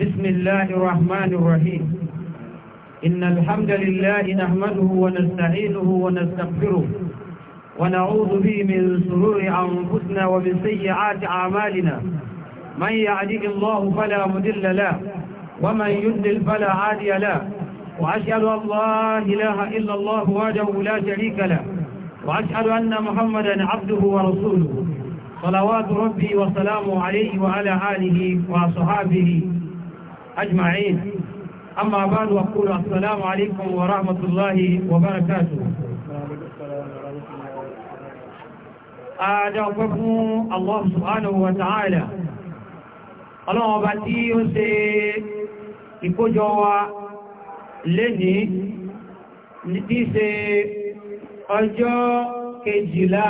بسم الله الرحمن الرحيم إن الحمد لله نحمده ونستعينه ونستغفره ونعوذ به من سرور أنفسنا ومن سيئات أعمالنا من يعديه الله فلا مدل له ومن يدل فلا عادي له وأشهد أن لا إله إلا الله وحده لا شريك له وأشهد أن محمدا عبده ورسوله صلوات ربي وسلامه عليه وعلى آله وصحابه أجمعين أما بعد أقول السلام عليكم ورحمة الله وبركاته أدعوكم الله سبحانه وتعالى ọlọ́run ọba tí ó ṣe ìkójọ wa lẹ́ni tí ṣe ọjọ́ kejìlá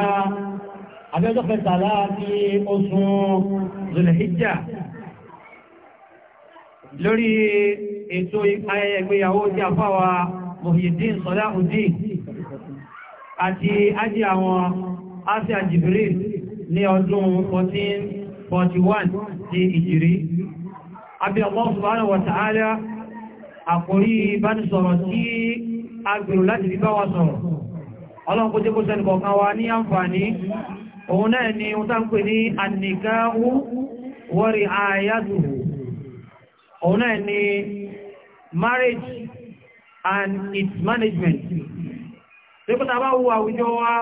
abẹ́jọ́ kẹtàlá ní oṣù Zulhijjah lórí ètò ayẹyẹ ìgbéyàwó tí a fáwa Muhyiddin Salahuddin àti ájí àwọn Asia Jibril ní ọdún 1441 ti ìjìrí. Abi Allah subhanahu wa ta'ala àkórí ìbánisọ̀rọ̀ tí a gbèrò láti fi bá wa sọ̀rọ̀. Ọlọ́run kó jẹ́ kó sẹ́nì kọ̀ọ̀kan wa ní àǹfààní, òun náà ni ó tá pè ní annikahu wa ri'ayatuhu òun náà ni marriage and its management lẹ́kọ́ta bá wo àwùjọ wa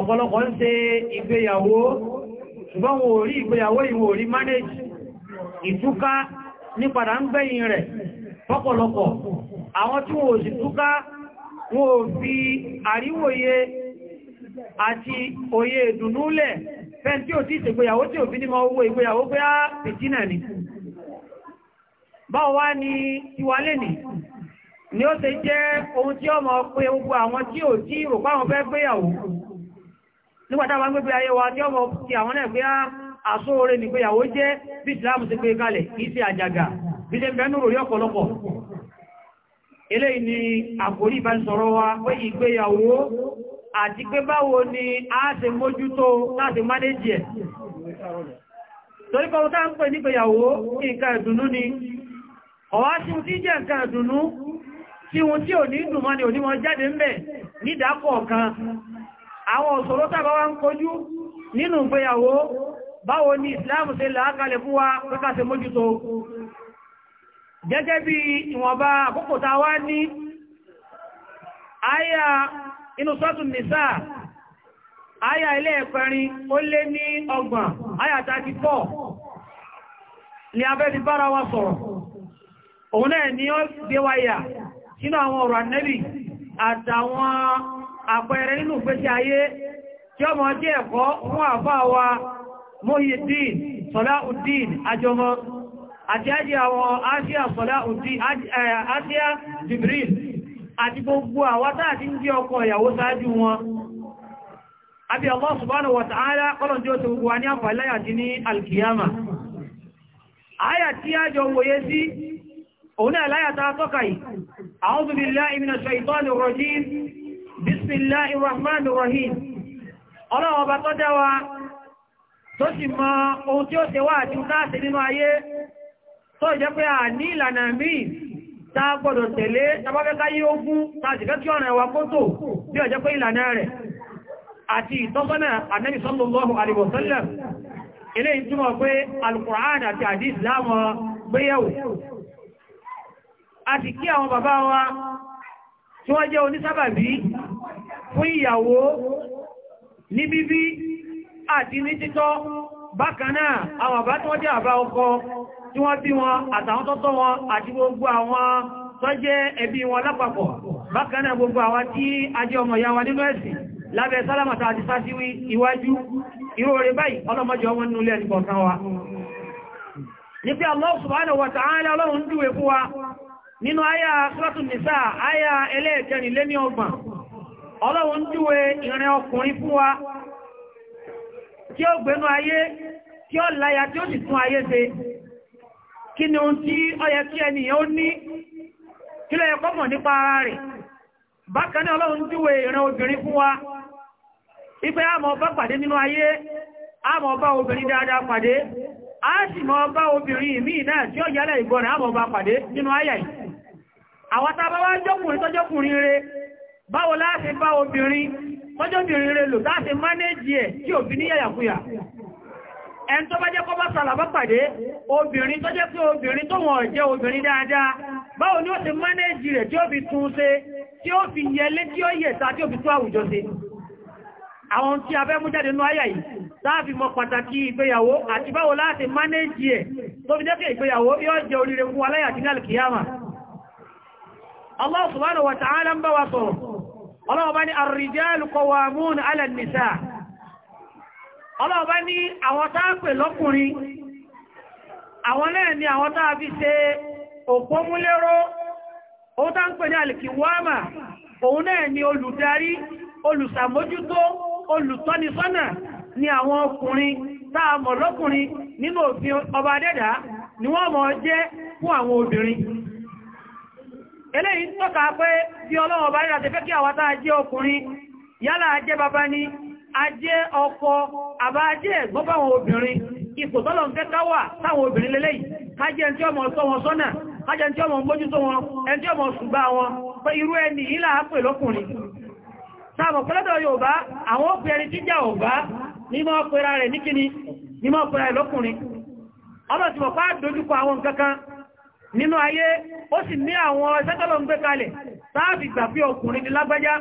ọ̀pọ̀lọpọ̀ ń ṣe ìgbéyàwó ṣùgbọ́n wo ò rí ìgbéyàwó ìwọ̀n rí manage ìtúká ní padà ń gbẹ̀yìn rẹ̀ pọ́pọ̀lọpọ̀ àwọn tí wo sì túká wo ò fi àríwòye àti òye ìdùnnúlẹ̀ fẹ́ tí ò tí ìgbéyàwó tí ò fi ní mọ́ owó ìgbéyàwó pé á ah, pìtínà ni báwọn wá ní ìwálé nì ni ó ṣe jẹ́ ohun tí ọmọ pé gbogbo àwọn tí ò tí rò páwọn fẹ́ gbéyàwó nígbàtà wọn gbégbé ayé wa tí ọmọ ti àwọn náà pé ah, àṣóore nìgbéyàwó jẹ́ bí Islam ti gbé kalẹ̀ kìí ṣe àjàgà bí ṣe bẹnu rò rí ọ̀pọ̀lọpọ̀ eléyìí ni àkórí ìbánisọ̀rọ̀ wa pé ìgbéyàwó ń pè nígbéyàwó nǹkan ìdùnnú ni ọwá tí ó ti jẹ́ nǹkan ìdùnnú tí wọ́n tí ò ní ìdùnmọ́ ni onímọ̀ jáde ń bẹ̀ nídàkọ̀ kan àwọn òṣòro tàbá wá ń kojú nínú ìgbéyàwó báwo ni Islam ṣe làákalẹ̀ fún wa pẹ́ká ṣe mójútó gẹ́gẹ́ bí ìwọ̀nba àkókò tá wá ní àyà inú sọ́tún nìsá àyà ilé ẹ̀kẹrin ó lé ní ọgbọ̀n àyà 34 ni abẹ́ ti bára wa sọ̀rọ̀ òun náà ni ó gbé wáyà sínú àwọn ọ̀rọ̀ ànẹ́bì àtàwọn àpẹẹrẹ nínú ìgbésí ayé tí ọmọ jẹ́ ẹ̀kọ́ fún àfáà wa Muhyiddin Salahuddin Ajọmọ àti ájí àwọn Asia Asia Jibril àti gbogbo àwátá àti ń jẹ́ ọkọ ìyàwó sáájú wọn àbí Allah subhanahu wa ta'ala kọ́lọ̀n tí ó ti gbogbo wa ní àfàìláyà ti ní alkiyama. Àyà هنا لا يتعطقي أعوذ بالله من الشيطان الرجيم بسم الله الرحمن الرحيم ألا bá tọ́ dáwà tó sì mọ ohun tí ó ṣe wà tí ó dáṣe nínú ayé tó jẹ́ pé a ní ìlànà míì tá gbọ́dọ̀ tẹ̀lé tàbábẹ́ká yí ogún tàbí kí ọ̀nà ẹwà kó tó bí ó pé ìlànà rẹ̀ àti ìtọ́sọ́nà Ànábì sallallahu alaihi wasallam a sì kí àwọn bàbá wa tí wọ́n jẹ́ onísábàbí fún ìyàwó ní bíbí àti ní títọ́ bákan náà àwọn bàbá tí wọ́n jẹ́ àbá ọkọ tí wọ́n bí wọn àtàwọn tọ́tọ́ wọn àti gbogbo àwọn tó jẹ́ ẹbí wọn lápapọ̀ bákan náà gbogbo àwọn tí a jẹ́ ọmọ ìyá wa nínú ẹ̀sìn lábẹ́ sálámàtà àti sáṣíwí iwájú irú báyìí ọlọ́mọjọ wọn nílé ẹnìkọ̀ọ̀kan wa ní pé Allah subhanahu wa ta'ala ọlọ́run dúwe fún wa nínú ayá sọ́tún nìsá ayá ẹlẹ́ẹ̀kẹrin lé ní ọgbọ̀n ọlọ́run júwe ìrìn ọkùnrin fún wa tí ó gbénú ayé tí ó láyá tí ó sì tún ayé ṣe kí ni ohun tí ó yẹ kí ẹnìyàn ó ní kí ara rẹ̀ bákan ọlọ́run júwe ìrìn obìnrin wa ipẹ́ àmọ́ ọba pàdé nínú ayé àmọ́ ọba obìnrin dáadáa pàdé a sì mọ́ bá obìnrin míì tí ó yálẹ̀ ìgbọ́nà àmọ́ pàdé nínú àwọn tàbá wá jọ́kùnrin tọ́jọ́kùnrin rẹ̀ báwo láti bá obìnrin tọ́jọ́bìnrin rẹ̀ lò láti mánéjì ẹ̀ tí òbí ní yàyàkúyà ẹn tó bá jẹ́ kọ́ bá sàlàbá pàdé obìnrin tó jẹ́ pé obìnrin tó wọ̀n jẹ́ obìnrin dáadáa báwo ni ó ti mánéjì rẹ̀ tí ó fi tún ṣe tí ó fi yẹlé tí ó yẹ̀ta tí ó fi tún àwùjọ ṣe àwọn tí a fẹ́ mú jáde nú àyà yìí láàfi mọ pàtàkì ìgbéyàwó àti báwo láti mánéjì ẹ̀ tó fi jẹ́ pé ìgbéyàwó yóò jẹ́ oríire fún aláyàtí ní alìkìyàmà Allah subhanahu wa ta'ala ń bá wa sọ̀rọ̀ ọlọ́wọ́ bá ní ar-rijalu qawwamuna 'ala an-nisaa ọlọ́wọ́ bá ní àwọn táàpẹ̀ lọ́kùnrin àwọn náà ni àwọn táà fi ṣe òpómúlérò ó tá ń pè ní alìkìwámà òun náà ni olùdarí olùsàmójútó olùtọ́nisọ́nà ni àwọn ọkùnrin táà lọ́kùnrin nínú òfin ọba adẹ́dàá ni wọ́n mọ̀ jẹ́ fún àwọn obìnrin eléyìí ń tọ́ka pé bí ọlọ́wọ̀ bá ríra tẹ́fẹ́ kí àwátá ajé ọkùnrin yálà ajé bàbá ajé ọkọ àbá ajé ẹ̀gbọ́n obìnrin ipò tọ́lọ̀ káwà táwọn obìnrin lélẹ́yìí kájẹ́ tí ọmọ sọ wọn sọ́nà kájẹ́ tí ọmọ wọn ẹni tí ọmọ ṣùgbà wọn pé irú ẹni nínú ayé ó sì ní àwọn ẹsẹ́tọ́lọ̀ ń gbé kalẹ̀ sáàfì gbà pé ọkùnrin ni lágbájá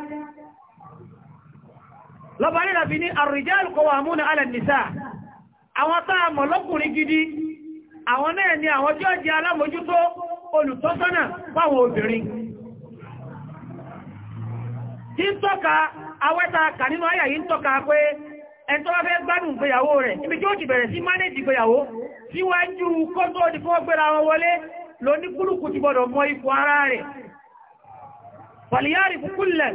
lọba nílà fi ní ar-rijal qawwamuna 'ala àwọn táà mọ̀ lọ́kùnrin gidi àwọn náà ni àwọn tí ó jẹ́ alámòjútó olùtọ́sọ́nà fáwọn obìnrin tí ń tọ́ka awẹ́ta kà nínú ayà yìí ń tọ́ka pé ẹni tó bá fẹ́ gbádùn ìgbéyàwó rẹ̀ ibi tí ó ti ló ní kúlùkù ti gbọdọ̀ mọ ipò ara rẹ̀ fàlìyàrí kúkúlẹ̀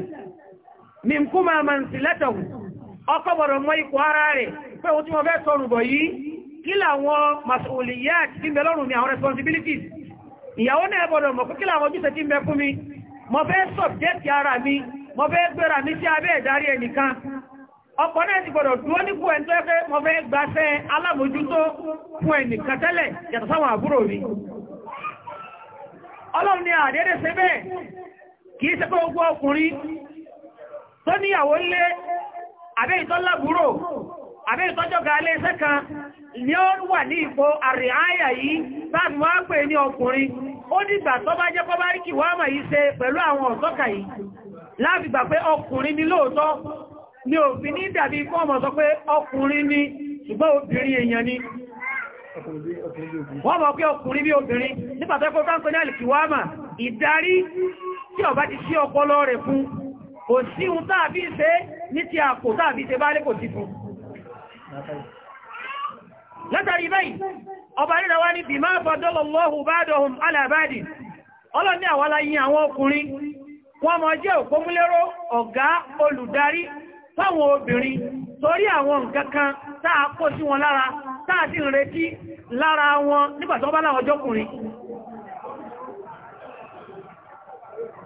ní kú máa ma ń sílẹ́tọ̀wù ọkọ gbọdọ̀ mọ ipò ara rẹ̀ pé o tí wọ́n fẹ́ sọ̀rùn bọ̀ yìí kí làwọn masoliyat tí àwọn responsibilities ìyàwó náà gbọdọ̀ mọ̀ pé kí làwọn ojúṣe tí ń bẹ fún mi mo fẹ́ subject ara mi mo fẹ́ gbéra mi sí abẹ́ ìdarí ẹnìkan ọkọ̀ náà ti gbọdọ̀ dúró nípò yàtọ̀ sáwọn àbúrò mi ọlọ́run ni àdédé ṣe bẹ́ẹ̀ kìí ṣe pé ogun ọkùnrin tó níyàwó lé àbẹ́ ìtọ́lábúrò àbẹ́ ìtọ́jọ́gà alẹ́ iṣẹ́ kan ni ó wà ní ipò àríáyà yìí láti wá pè ní ọkùnrin ó dìgbà tó bá jẹ́ kọ́bá ríkì wá mà yìí ṣe pẹ̀lú àwọn ọ̀tọ́kà yìí láti pé ọkùnrin ni lóòótọ́ ni òfin ní dàbí fọ́ọ̀mọ̀ sọ pé ọkùnrin ni ṣùgbọ́n obìnrin èèyàn ni wọ́n mọ̀ pé ọkùnrin bí obìnrin nípàtẹ́kọ́ káńkọ́ ní alìkìwámà ìdarí tí ọba ti sí ọpọlọ rẹ̀ fún kò sí un tàbí ṣe ní ti àpò tàbí ṣe bá lé kò sí fún látàrí báyìí ọba ríra wá ní bímá fọdọ́lọ́lọ́hù bádọ́hùn alábádì ọlọ́ni àwọ́lá yí àwọn ọkùnrin wọ́n mọ̀ táàtí ń lara lára wọn nígbàtí wọ́n bá láwọn ọjọ́kùnrin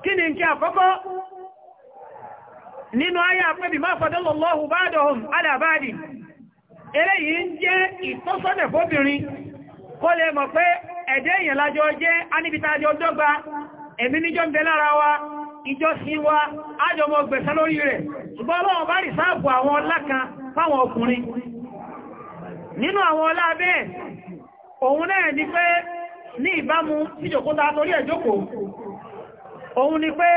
kí ni nkí àkọ́kọ́ nínú ayé àpẹ́bì máa fadallallahu ba'dahum ala ba'di eléyìí ń jẹ́ ìtọ́sọ́nẹ̀ fóbìnrin kó lè mọ̀ pé ẹ̀dẹ́ èèyàn lájọ jẹ́ ẹ̀mí níjọ́ ń bẹ lára wa ìjọsìn wa ájọmọ̀ gbẹ̀sẹ̀ lórí rẹ̀ ṣùgbọ́n bá rí sáàbù àwọn nínú àwọn ọlá bẹ́ẹ̀ òun náà ni pé ní ìbámu ìjòkóta torí ẹ̀jòkó òun ni pé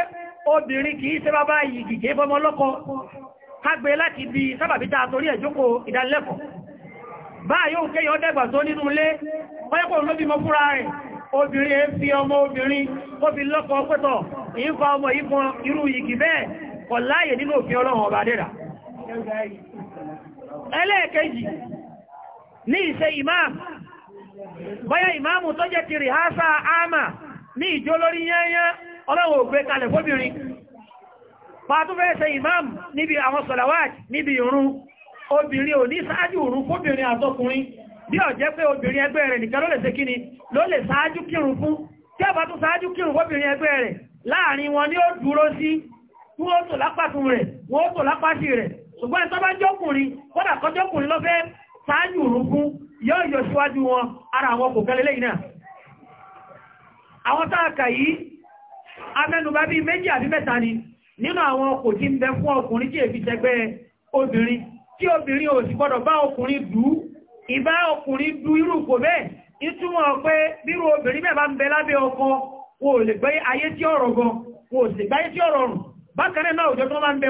obìnrin kìí ṣe bàbá yìí gìgé fọmọ lọ́kọ kágbé láti bí sábàbíta torí ẹ̀jòkó ìdánilẹ́kọ̀ọ́ bá yóò kéyàn dẹ́gbà tó nínú ilé pẹ́kọ̀ ló bímọ fúnra rẹ̀ obìnrin ẹ fi ọmọ obìnrin ó fi lọ́kọ pẹ́tọ̀ ìfà ọmọ ìfọn irú n'i ise imam bọ́yá imamu tó jẹ́ ti rìhásà àmà ní ìjó lórí yányá ọlọ́wọ̀ ògbé kalẹ̀ fóbìnrin pàtúfẹ́ imam níbi àwọn sọ̀làwàt níbi ìrun obìnrin ò ní sáájú ìrun fóbìnrin àtọkùnrin bí ó jẹ́ pé obìnrin ẹgbẹ́ rẹ̀ nìkan ló lè kíni ló lè sáájú kírun fún tí ó bá sáájú kírun fóbìnrin ẹgbẹ́ rẹ̀ láàrin wọn ni ó dúró sí wọ́n ó tò sáájú rúgún yóò yọ síwájú wọn ara àwọn kò gẹ́lẹ́lẹ́ awọn àwọn táàkà yìí amẹ́nubá bí méjì àbí mẹ́ta ni nínú àwọn kò tí ń bẹ fún ọkùnrin tí èfi tẹgbẹ́ obìnrin tí obìnrin ò sì gbọ́dọ̀ bá ọkùnrin dú ìbá ọkùnrin irú kò bẹ́ẹ̀ ìtumọ̀ pé bírú obìnrin ń bẹ lábẹ́ ọkọ lè gbé ayé tí ọ̀rọ̀ gan tí ọ̀rọ̀ rùn náà òjò tó máa ń bẹ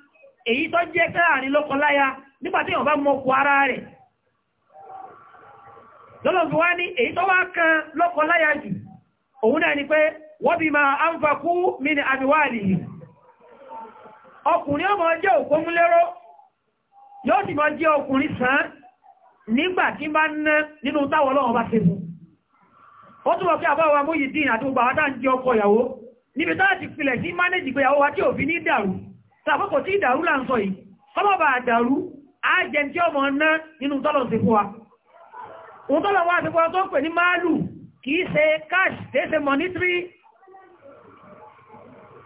èyí tó jẹ́ káàrin lọ́kọ láya nígbàtí yàn bá mọ́kù ara rẹ̀ lọ́lọ́bí wá ní èyí tó wá kan lọ́kọ láya jù òun náà ni pé wọ́n bí ma á ń mí ni ọkùnrin ọmọ jẹ́ òkómúlérò yóò sì mọ́ jẹ́ ọkùnrin sàn nígbàtí bá ná nínú táwọn tàbọ́kọ̀ tí ìdàrú là ń sọ yìí kọ́lọ́bà àdàrú ajẹ́ tí ọmọ ná nínú tọ́lọ̀ sí fún wa òun tọ́lọ̀ wá sí fún wa tó ń pè ní máàlù kìí ṣe cash tẹ́ ṣe monetary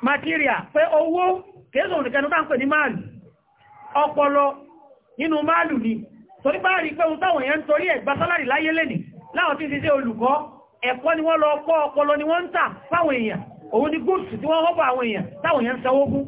material pé owó kéèsùn nìkanu tá ń pè ní máàlù ọpọlọ nínú máàlù ni torí bá rí pé ohun táwọn èèyàn ń torí ẹ̀gbà sálárì láyé lẹ́nì láwọn tí ń ṣiṣẹ́ olùkọ́ ẹ̀kọ́ ni wọ́n lọ ni wọ́n ń tà fáwọn èèyàn òun ni gúúsù tí wọ́n họ́bọ̀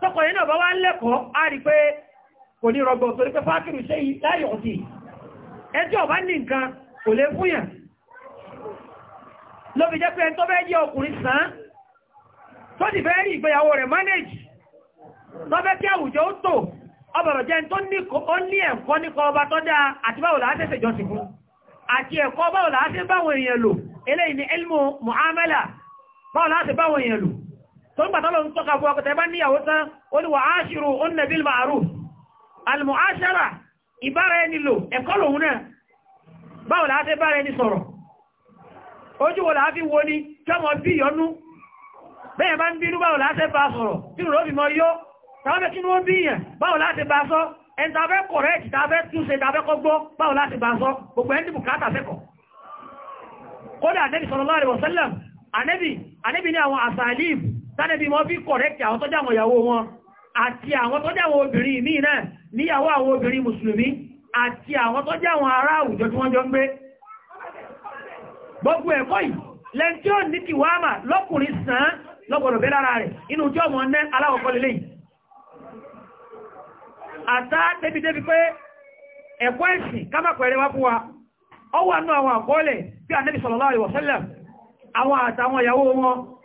tọ́kọ̀ yẹn náà bá wá ń lẹ́kọ̀ọ́ á rí pé kò ní rọgbọ̀ torí pé fákìrì ṣe láyé ọ̀tí ẹjọ́ ọ̀bá ní nǹkan kò lè ló fi jẹ́ pé ọkùnrin sàn tó ti fẹ́ rí ìgbéyàwó rẹ̀ manage tó fẹ́ kí àwùjọ ó tò ọbọ̀rọ̀ jẹ́ ní ẹ̀kọ́ ọba tó ń gbàtọ́lọ̀ ń tọ́ka fún ọkọ̀tẹ̀ bá níyàwó tán ó ní wà áṣírò ó nẹ̀ bíl ma'ruf alìmọ̀ áṣára ìbára ẹni lò ẹ̀kọ́ lòun náà báwo la fẹ́ bára ẹni sọ̀rọ̀ ojú wo la fi wo ni jọmọ bí yọnú bẹ́ẹ̀ bá ń bínú báwo la fẹ́ bá sọ̀rọ̀ tí ló fi mọ yó tàwọn fẹ́ kí wọ́n bí yẹn báwo la fẹ́ bá sọ ẹni tàbẹ́ kọ̀rẹ́ẹ̀tì tánẹ́bí wọ́n fi kọ̀rẹ́kì àwọn tọ́jà àwọn ìyàwó wọn àti àwọn tọ́jà àwọn obìnrin ìmí náà níyàwó àwọn obìnrin mùsùlùmí àti àwọn tọ́jà àwọn ará àwùjọ tí wọ́n jọ ń gbé gbogbo ẹ̀kọ́ yìí lẹ́n tí ó ní kí wá mà lọ́kùnrin sàn lọ́gbọ̀dọ̀ bẹ́ lára rẹ̀ inú tí ọmọ ní aláwọ̀kọ́ lélẹ̀ yìí àtá débi débi pé ẹ̀kọ́ ẹ̀sìn kámàpẹ̀rẹ̀ wá àwọn àtàwọn ìyàwó wọn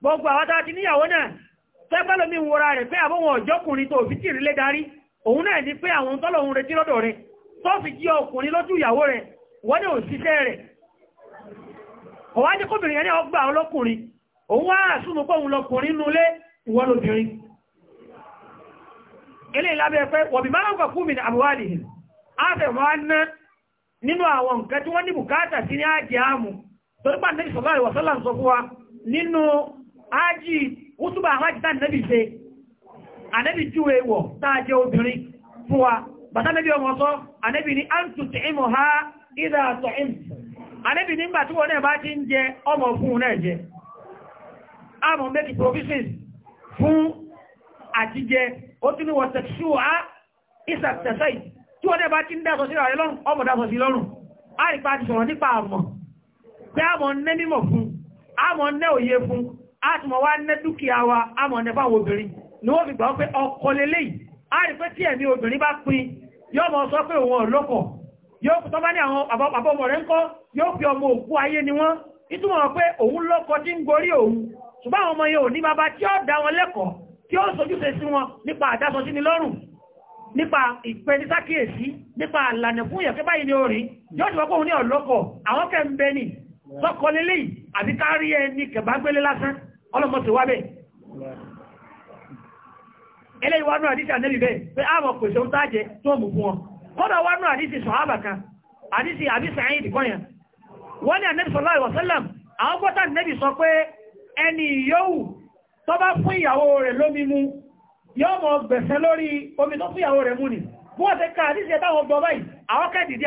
gbogbo àwọn tàbí níyàwó náà tẹ́gbẹ́lò mi wòra rẹ̀ pé àbọ́wọn ọ̀jọ́kùnrin tó fi tí ìrìlẹ̀ darí òun náà ní pé àwọn tọ́lọ̀un retí lọ́dọ̀ rẹ̀ tó fi jí ọkùnrin lójú ìyàwó rẹ̀ wọ́n ní òṣìṣẹ́ rẹ̀ ọwájẹ́ kóbìnrin ẹni ọgbà ọlọ́kùnrin òun wá àsúnmù pọ́hun lọkùnrin nulé ìwọ́n lóbìnrin ilé ìlàbẹ̀ pé wọ̀bí máa ń gbà fún mi ní àbúwálì àfẹ́ wọ́n ná nínú àwọn nǹkan tí wọ́n ní bùkátà sí ní àjẹ́ àmù torípàá nẹ́bí sọ̀lá ìwọ̀sọ́lá ń sọ fún wa nínú ájì wútúbà àwọn àjítà nẹ́bì ṣe ànẹ́bì júwe wọ̀ táàjẹ́ obìnrin fún wa bàtà nẹ́bì ọmọ sọ ànẹ́bì ní àǹtùtì ìmọ̀ ha ìdá àtọ̀ ìmù ànẹ́bì nígbà tí wọ́n náà bá ti ń jẹ ọmọ fún náà jẹ àmọ̀ make provisions fún àtijẹ ó tí ní wọ́n sẹ̀ṣúwà tí wọ́n náà bá ti ń dásọ a ti mọ̀ wá ní dúkìá wa a mọ̀ nẹ́fà àwọn obìnrin ni wọ́n fi gbà pé ọkọ lélẹ̀ yìí a rí pé tí ẹ̀mí obìnrin bá pin yóò mọ̀ sọ pé òun ọ̀lọ́kọ̀ yóò tó bá ní àwọn àbọ̀mọ̀ rẹ̀ ń kọ́ yóò fi ọmọ òkú ayé ni wọ́n ìtumọ̀ pé òun lọ́kọ tí ń gorí òun ṣùgbọ́n àwọn ọmọ yẹn ò ní bàbá tí ó wọn lẹ́kọ̀ọ́ tí ó ni lọ́rùn nípa ìpẹnisákìyèsí ni ó rí yóò ti wọ́pọ̀ òun ní ọ̀lọ́kọ̀ àwọn kẹ́ ń bẹ ni sọ́kọ lélẹ́yìn ọlọ́mọ̀tò wá bẹ́ẹ̀ ẹlẹ́ ìwánú àdísì ànẹ́bì bẹ́ẹ̀ pé ààbọ̀ pèsè ń tàjẹ tó mú fún wọn kọ́nà wánú àdísì sọ̀hábà kan àdísì àbísà ẹ̀yìn ìdìkọ́yàn wọ́n ní ànẹ́bì sọ láàrín wọ̀sẹ́lẹ̀m àwọn gbọ́ta ànẹ́bì sọ pé ẹni yóò tó bá fún ìyàwó rẹ̀ lómi mú yóò mọ gbẹ̀sẹ̀ lórí omi tó fún ìyàwó rẹ̀ mú ni bí wọ́n ti ka àdísì ẹ̀táwọn gbọ́ báyìí àwọn kẹ́dìdì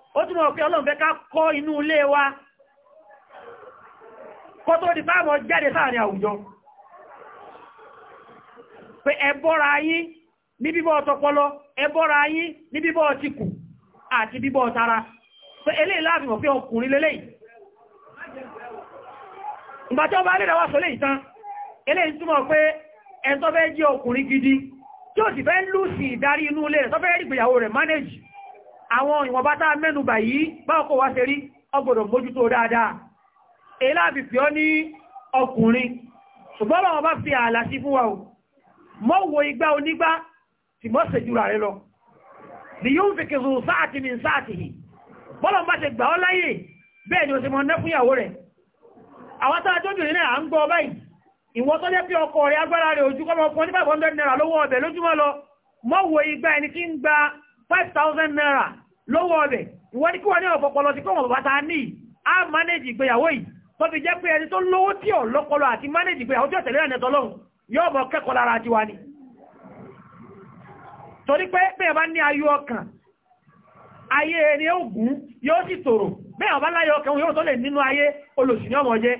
ó túnmọ̀ pé ọlọ́run fẹ́ ká kọ́ inú ilé wa kọ́ tó di fáàmọ̀ jáde sáàrin àwùjọ pé ẹbọ́ra ayé ní bíbọ́ ọ̀tọpọlọ ẹbọ́ra ayé ní bíbọ́ ọtíkù àti bíbọ́ ọ̀tara pé eléyìí láàfin mọ̀ pé ọkùnrin gidi tí ó fẹ́ lùsì ìdarí inú ilé tó fẹ́ rí rẹ̀ àwọn ìwọ̀nbá tá mẹ́nubà yìí báwọ́kọ̀ wá ṣe rí ọgbọ̀dọ̀ mójútó dáadáa eláàbì fi ọ́ ní ọkùnrin ṣùgbọ́n wọn bá fi ààlà sí fún wa o mọ́ wo igbá onígbá tí mọ́ sèjúra rẹ lọ ni yóò fi kìrù sáàtì ní sáàtì yìí bọ́lọ̀ bá ṣe gbà ọ́ láyè bẹ́ẹ̀ ni o ṣe mọ́ ná fún ìyàwó rẹ̀ àwọn tó ajóbìnrin náà à ń gbọ́ báyìí ìwọ́n tó jẹ́ pé ọkọ rẹ̀ agbára rẹ̀ ojú kọ́mọ fún ní 500 naira lówó ọbẹ̀ lójúmọ́ lọ mọ́ wo igbá ẹni tí ń gba 5000 naira lọ́wọ́ rẹ̀ ìwọ́n ní kí wọ́n ní ọ̀pọ̀pọ̀lọ́ ti kọ́wọ̀n bàbá ní a manage ìgbéyàwó yìí tó fi jẹ́ pé ẹni tó lówó tí ọ̀ lọ́pọlọ àti manage ìgbéyàwó tí ọ̀tẹ̀lẹ́ ẹ̀nẹ́ yóò mọ̀ kẹ́kọ̀ọ́ ni torí pé bẹ́ẹ̀ bá ní ọkàn ayé ẹni ogun yóò sì tòrò bẹ́ẹ̀ ọkàn yóò tó lè nínú ayé olùsìn ọmọ jẹ́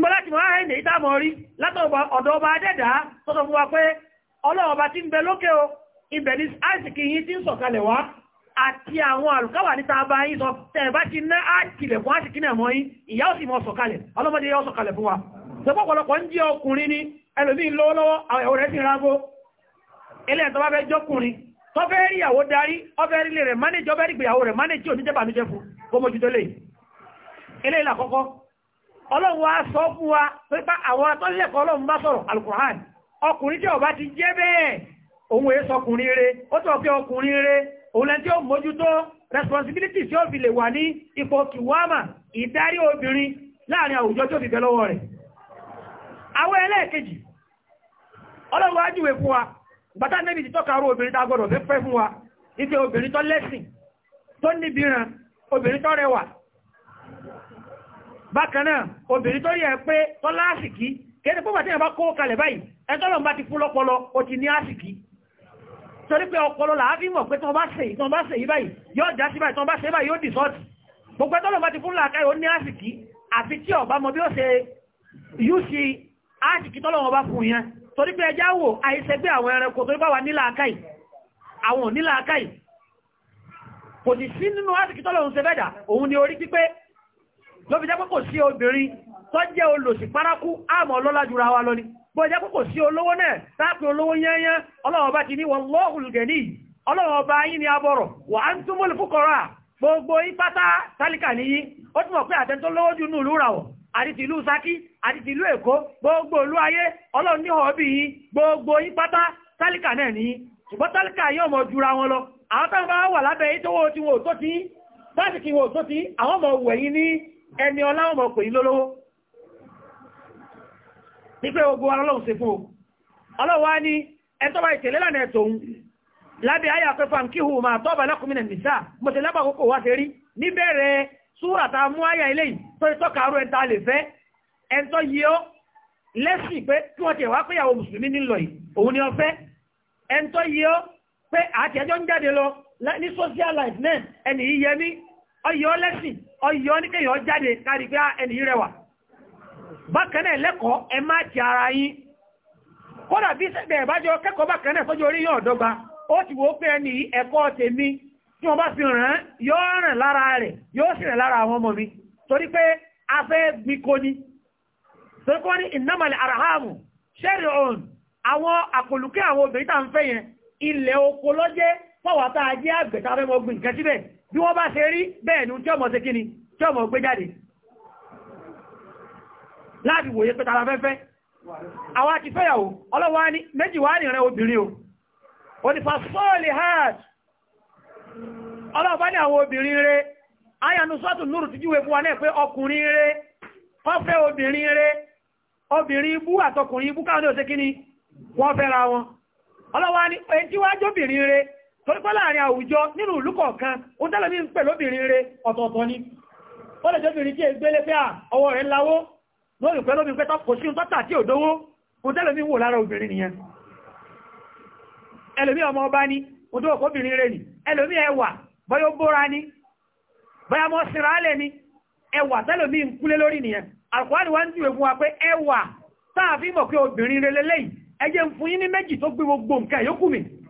mọ́ láti mọ́ ààrẹ ní ìdámọ̀ rí látọ̀ọ̀bọ̀ ọ̀dọ̀ ọba adẹ́dà sọ́tọ̀ fún wa ń bẹ lókè o ibẹ̀ ní àìsìkì yìí tí ń sọ̀kalẹ̀ wá àti àwọn àlùkáwà níta bá yìí sọ tẹ̀bá ti ná àtìlẹ̀ fún àìsìkì náà mọ́ yìí ìyá ó sì mọ́ sọ̀kalẹ̀ ọlọ́mọdé wa sọpọ̀pọ̀lọpọ̀ ń jẹ́ ọkùnrin ẹlòmí lọ́wọ́lọ́wọ́ ọlọ́run wa sọ fún wa pípa àwọn atọ́lẹ́kọ̀ọ́ ọlọ́run bá sọ̀rọ̀ alukur'an ọkùnrin tí ọba ti jẹ́ bẹ́ẹ̀ òun èé sọkùnrin rẹ̀ ó tọ́ pé ọkùnrin rẹ̀ òun lẹ́n tí ó mójútó responsibility tí ó fi lè wà ní ipò kìwámà ìdarí obìnrin láàrin àwùjọ tí ó fi lọ́wọ́ rẹ̀ ẹlẹ́ẹ̀kejì ọlọ́run wa ti bákanáà obìnrin tó yẹ pé tọ́lá àsìkí kéde púpọ̀ tí yẹn bá kó kalẹ̀ báyìí ẹjọ́lọ̀ bá ti fún lọ́pọlọ ó ti ní àsìkí torí pé ọpọlọ làáfí mọ̀ pé tán bá ṣe ìtàn bá ṣe yí báyìí yóò já sí báyìí tán bá ṣe báyìí yóò dìsọ́ọ̀tì gbogbo ẹjọ́lọ̀ bá ti fún làákàyè ó ní àsìkí àfi tí ọba mọ bí ó ṣe yú sí àsìkí tọ́lọ̀ wọn ló fi jẹ́ pé kò sí obìnrin tó jẹ́ olòṣì párákú àmọ́ ọlọ́lá jùra wa lọ ni bó jẹ́ pé kò sí olówó náà tápin olówó yẹ́yẹ́ ọlọ́wọ́ bá ti ní wallahul ghani ọlọ́wọ́ bá yín ni abọ̀rọ̀ wa antumul fuqara gbogbo ipátá tálíkà níyí ó túnmọ̀ pé àtẹ́ntó lówó jù nù lúràwọ̀ àti tìlú Ṣakí àti tìlú Èkó gbogbo olú ayé ọlọ́run ní ọ̀ọ́bí yìí gbogbo yín pátá tálíkà náà ní ṣùgbọ́n tálíkà yóò mọ̀ jura wọn lọ àwọn táwọn bá wà lábẹ́ ìtọ́wọ́ tí wọn ò tó ti báṣìkì wọn ò tó ti àwọn ọmọ wẹ̀yìn ní ẹni ọláwọ̀n mọ̀ pè lólówó ní pé ogun ọlọ́run ṣe fún o ọlọ́wọ́ á ní ẹtọ́bà ìtẹ̀lé lànà ẹ̀tọ́ òun lábẹ́ ayà pẹ́fà ń kíhù máa tọ́bà lẹ́kùnmínà nìsá mo ti lábà kókò wá ṣe rí níbẹ̀rẹ̀ súràtà mú ayà ilé tó tọ́ka arú ẹta lè fẹ́ ẹntọ́ ni ní social life náà ẹni yíyẹmí ọyọ́ lẹ́sìn ọyọ́ ní kéyàn jáde kárí ah, ẹni rẹwà bákanẹ̀ lẹ́kọ̀ọ́ ẹ má ti ara yín kódà bí sẹ́gbẹ̀ ìbájọ́ kẹ́kọ̀ọ́ bákanẹ̀ fọ́jọ́ orí yàn ọ̀dọ́gba ó ti wò ó ní ẹ̀kọ́ tèmi tí wọ́n bá fi ràn lára rẹ̀ yóò ọmọ mi torí pé a fẹ́ kó ní ní ìnámàlẹ̀ ṣẹ́rì ọ̀n àwọn àwọn obìnrin ń fẹ́ yẹn ilẹ̀ bí wọ́n bá ṣe rí bẹ́ẹ̀ ni tíọ́mọ̀ ṣe gbé jáde láti wòye pẹ́ta fẹ́fẹ́ àwọn àti fẹ́yàwó ọlọ́wọ́ ní méjì wá ní rẹ obìnrin o o ní fasọ́ọ̀lì hajj ọlọ́wọ́ ní àwọn obìnrin rẹ ayanu sọ́tù núrù ti jíwe fún náà pé ọkùnrin torípẹ́ láàrin àwùjọ nínú ìlú kan o tẹ́lẹ̀ ní pẹ̀lú obìnrin rẹ̀ ọ̀tọ̀ọ̀tọ̀ ni ó lè jẹ́bìnrin tí ègbélé pé à ọwọ́ rẹ̀ láwó lórí pẹ̀lú obìnrin pẹ́tọ́ kò sí tọ́tà tí ò dówó ó tẹ́lẹ̀ ní wò lára obìnrin nìyẹn ọba ni odó òkú obìnrin ni ni ni ewa nkule lori wa ẹjẹ́ ń fún ní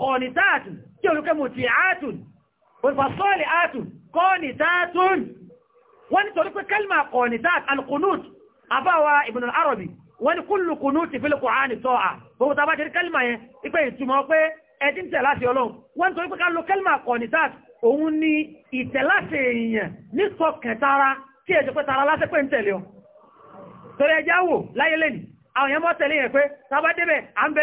kọ̀ọ̀nìtáàtù tí olùkẹ́ mọ̀ tí àátùn olùfàṣọ́lì àátùn kọ̀ọ̀nìtáàtùn wọ́n ni torí pé kalma kọ̀ọ̀nìtáàt alkunut àbáwa ibn al-arabi wọ́n ni kúlù kunut fil Qur'ani tọ́à gbogbo tàbá jẹ́ kalma yẹn ipẹ́ ìtumọ̀ pé ẹdí ń tẹ̀láṣẹ ọlọ́run wọ́n torí pé kálọ kalma kọ̀ọ̀nìtáàt òun ni ìtẹ̀láṣẹ èèyàn ní sọkàn tara kí ẹjọ pé tara láṣẹ pé ń tẹ̀lé ọ torí ẹjá wò láyé lẹ́nì àwọn èèyàn mọ́ tẹ̀lé yẹn pé tàbá débẹ̀ à ń bẹ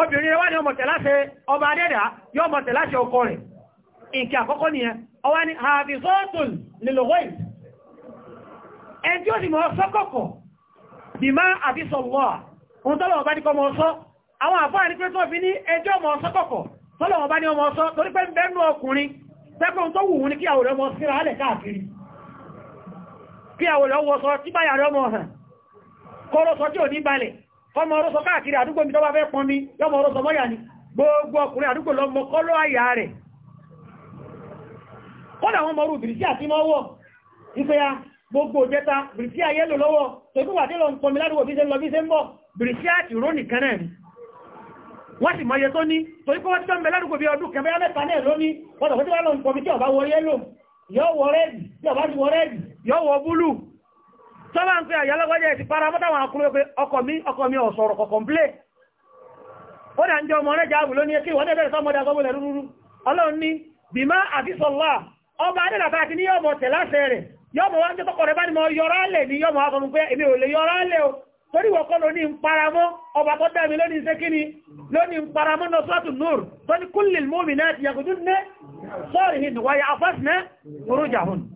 obìnrin rẹ̀ wá ní ọmọ tẹ̀láṣẹ ọba adẹ́dà yóò mọ̀ tẹ̀láṣẹ ọkọ rẹ̀ ìkẹ́ àkọ́kọ́ nìyẹn ọwá ni ààbìsọ́ọ̀tùn lèlòwòì ẹn tí ó sì mọ̀ sọ́kọ̀kọ̀ bí má àbísọ̀lọ́ ohun tọ́lọ̀ ọba ní kọ́ mọ̀ sọ́ àwọn àfáà ní pé tó fi ní ẹjọ́ mọ̀ sọ́kọ̀kọ̀ tọ́lọ̀ ọba ní ọmọ sọ́ torí pé bẹ́nu ọkùnrin tẹ́kùn tó wù ní kí àwòrán ọmọ síra alẹ̀ káàkiri kọmọ ọrọ́sọ káàkiri àdúgbò mi tọ́wà fẹ́ pọn mi lọ́mọ ọrọ́sọ mọ́yà ni gbogbo ọkùnrin àdúgbò lọ́mọ kọ́lọ́ àyà rẹ̀ kọ́nà àwọn ọmọrú bìrìsí àti mọ́wọ́ ìfẹ́ya gbogbo òjẹta bìrìsí ayé lò lọ́wọ́ tó ikú wàdé lọ ń pọnmi ládùgbò bí ṣe ń lọ bí ṣe ń bọ̀ bìrìsí àti ìró nìkan náà ni wọ́n sì mọye tó ní tó ikú wọ́n ti tọ́m̀bẹ̀ ládùgbò tọ́bá ń pẹ àyálọ́gbọ́jẹ́ ti para mọ́tàwọn akúrò pé ọkọ mi ọkọ mi ọ̀sọ̀rọ̀ kọ̀kọ̀ plé ó dà ń jẹ ọmọ rẹ̀ jáàbù lóní ẹkí wọ́n tẹ́bẹ̀rẹ̀ sọ́mọ́dá gọ́gbọ̀lẹ̀ rúrú ọlọ́run ní bí má àfisọ́lá ọba adẹ́dàtà ti ní yọ́mọ̀ tẹ̀láṣẹ́ rẹ̀ yọ́mọ̀ wá ń jẹ́ tọ́kọ̀ rẹ̀ bá ní mọ́ yọrá lẹ̀ ní yọ́mọ̀ wá fọmù pé èmi ò lè yọrá lẹ̀ o torí wọ́n kọ́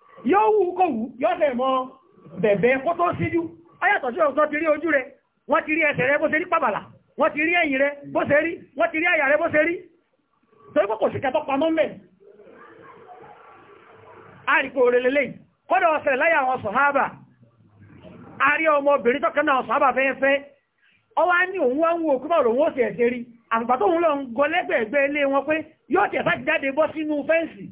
yóò wù kò wù yóò fẹ̀ mọ́ bẹ̀bẹ̀ kó tó síjú ayàtọ̀ sí ọ̀tọ́ ti rí ojú rẹ wọ́n ti rí ẹsẹ̀ rẹ bó ṣe rí pàbàlà wọ́n ti rí ẹ̀yìn rẹ bó ṣe rí wọ́n ti rí àyà rẹ̀ bó ṣe rí torí pọ̀ kò sí kẹtọ́ àríkò òrèlélẹ́ kọ́dọ̀ ọ̀sẹ̀ láyà àwọn àrí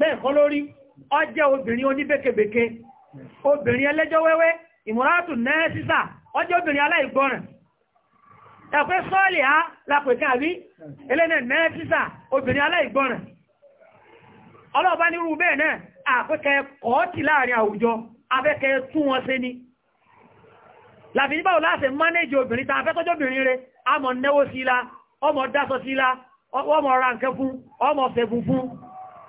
bẹ́ẹ̀ kọ́ lórí ọjẹ́ obìnrin oníbékebèke obìnrin ẹlẹ́jọ́ wẹ́wẹ́ ìmúratù náà sísà ọjẹ́ obìnrin aláìgbọ́ràn ẹ̀pẹ́ sọ́ọ̀lì á lápẹ̀ká rí ẹlẹ́nà náà sísà obìnrin aláìgbọ́ràn ọlọ́ọ̀bá nírú bẹ́ẹ̀ náà àpẹ́kẹ́ kọ́ọ̀tì láàrin àwùjọ abẹ́kẹ́ tún wọn ṣe ni láti ní báwo láti mánéjì obìnrin ta afẹ́kọ́jọ́ obìnrin rẹ̀ a mọ̀ náwó síla ọmọ dásọ síla ọmọ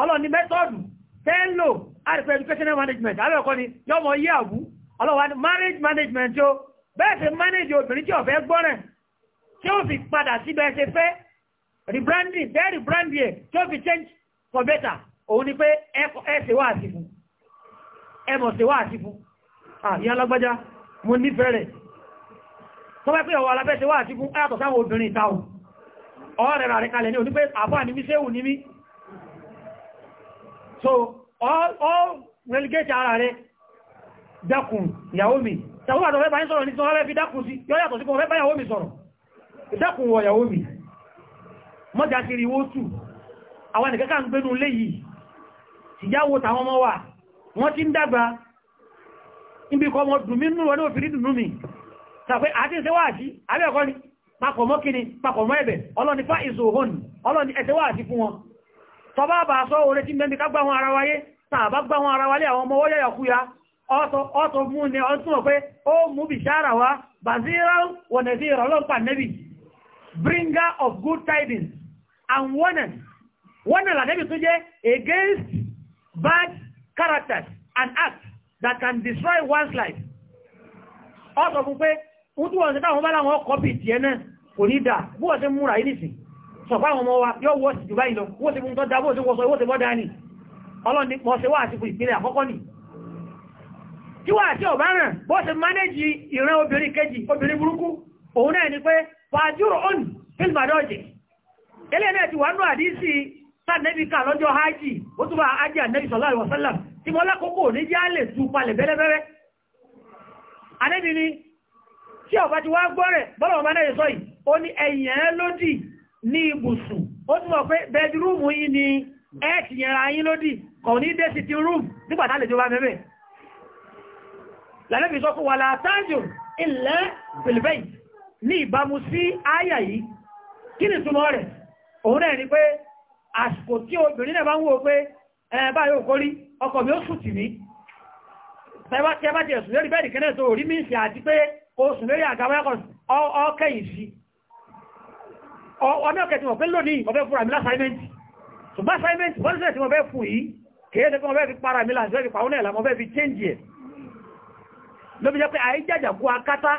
ọlọ́run ni mẹ́tọ́ọ̀dù tẹ́lò àrífẹ́ educational management alẹ́ọ̀kọ́ ni yọmọ yí àbú ọlọ́wà ní marriage management o bẹ́ẹ̀ ṣe manage obìnrin tí ó fẹ́ gbọ́rẹ̀ tí ó fi padà sí bẹ́ẹ̀ ṣe fẹ́ rebranding bẹ́ẹ̀ rebranding ẹ̀ tí ó fi change for better òun ni pé ẹ ṣe wá sí fún ẹ mọ̀ ṣe wá sí fún àyà lágbájá mo nífẹ̀ẹ́ rẹ̀ tó bá pé ọwọ́ alábẹ́ ṣe wá sí fún so all relegate ara rẹ̀ dákùn ìyàwó mi ìyàwó àtọ̀ fẹ́ bá ń sọ̀rọ̀ ní tí wọ́n fẹ́ fi dákùn sí yọ́ yàtọ̀ sí kọ́ fẹ́ bá ìyàwó mi sọ̀rọ̀ ìdákùn wọ ìyàwó mi mọ́jà sí rí wótù àwọn ìkẹ́kà ń gbénú lé yìí ìyàwó tàwọn ọmọ wà wọ́n ti ń dàgbà níbi kọ́ mọ́ dùn mí nú wọn ní òfin dùn mí tàbí àti ìṣẹ́wàájí abẹ́ẹ̀kọ́ ni papọ̀ mọ́kíni papọ̀ mọ́ ẹ̀bẹ̀ ọlọ́ni fá ìṣòhòn ọlọ́ni ẹ̀ṣẹ́wàájí fún wọn tọba bá sọ orí tí mẹ́bí ká gbáhun ara wáyé tàbá gbáhun ara wálé àwọn ọmọ wọ́yẹ̀ yàkúya ọ́tọ̀ mú ní ọdún ọ̀pẹ́ ó mú bí ṣára wá bàzírà wọ̀nẹ̀dí ìrọ̀lọ́pàá nẹ́bì bringer of good tidings and warnings warning lànẹ́bì tó jẹ́ against bad characters and acts that can destroy one's life ọ́tọ̀ fún pé ń túwọ̀n sí táwọn bá láwọn ọkọ̀ bìtì ẹ̀ náà kò ní dà búwọ̀ sí múra yìí nìsìn sọ̀pá àwọn ọmọ wa yóò wọ́ sí jùbá ìlọ wó ti fún tọ́ dábò tí wọ́n sọ ìwó ti bọ́dá ní ọlọ́ni mọ́ sí wà àsìkò ìpínlẹ̀ àkọ́kọ́ nì tí wà àti ọ̀bá ràn bó ti mánéjì ìran obìnrin kejì obìnrin burúkú òun náà ni pé fàájúrò on fílmàdọ́jì ilé náà ti wà nù àdísì sànẹ́bí ká lọ́jọ́ hajj ó túbà hajj ànẹ́bí sọ̀lá ìwọ̀sánlá tí mo lákòókò ní jẹ́ á lè tú palẹ̀ bẹ́lẹ́bẹ́rẹ́ anẹ́bí ni tí ọba ti wá gbọ́rẹ̀ bọ́lọ̀ ọba náà yẹ sọ ẹ̀yìn ẹ́ lódì ní ibùsùn ó túnmọ̀ pé bedroomu yìí ni ẹ́ẹ̀kì yẹn ra yín lódì kọ̀ ní dé sitting room nígbàtà lè jọba mẹ́bẹ̀ lálẹ́bí sọ fún wà látàjò ilẹ̀ pẹ̀lẹ̀bẹ̀ ní ìbámu sí àyà yìí kí ni túnmọ̀ rẹ̀ òun náà ni pé àsìkò tí obìnrin náà bá ń wò pé ẹ báyìí òkórí ọkọ mi ó sùn tì mí tẹ́bá ti ẹ̀sùn lórí bẹ́ẹ̀dì kẹ́nẹ̀ tó rí mí sí àti pé oṣù lórí ọmọ ọkẹ̀tí wọ̀n pé lónìí ọbẹ̀ fún àmì lásáímẹ́ntì ṣùgbọ́n assignment bọ́lẹ̀sẹ̀ tí wọ́n bẹ́ fún yìí kìí ṣe fún ọbẹ̀ fi para mi láti ọjọ́ ìpàwọn ẹ̀lá ọbẹ̀ fi change ẹ̀ ló fi jẹ́ pé àìjàjà kú akátá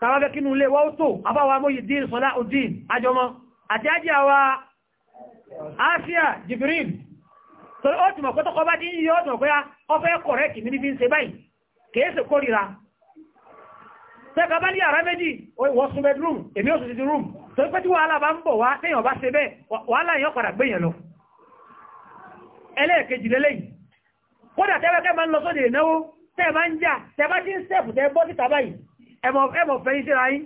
tàbábẹ́ kínú ilé wọ́n tó abáwa mọ́yí dín sọlá odin ajọmọ àti ajé àwa asia jibril tó ó tùmọ̀ pé tọ́kọ bá dín yíó tùmọ̀ pé ọfẹ́ kọ̀rẹ́kì níbi fi ń ṣe báyìí kìí ṣe kórìíra tẹ́ka bá ní yàrá méjì wọ́n sún bedroom èmi ò sùn sí room tó pẹ́ tí wàhálà bá ń bọ̀ wá téèyàn bá ṣe bẹ́ẹ̀ wàhálà èèyàn padà gbéyàn lọ ẹlẹ́ẹ̀kejì lélẹ́yìn kódà tẹ́wẹ́kẹ́ máa ń lọ sóde ìnáwó tẹ́ bá ń jà tẹ́ bá ti ń sẹ́ẹ̀fù tẹ́ bọ́ síta báyìí ẹmọ̀ fẹ́yìn síra yín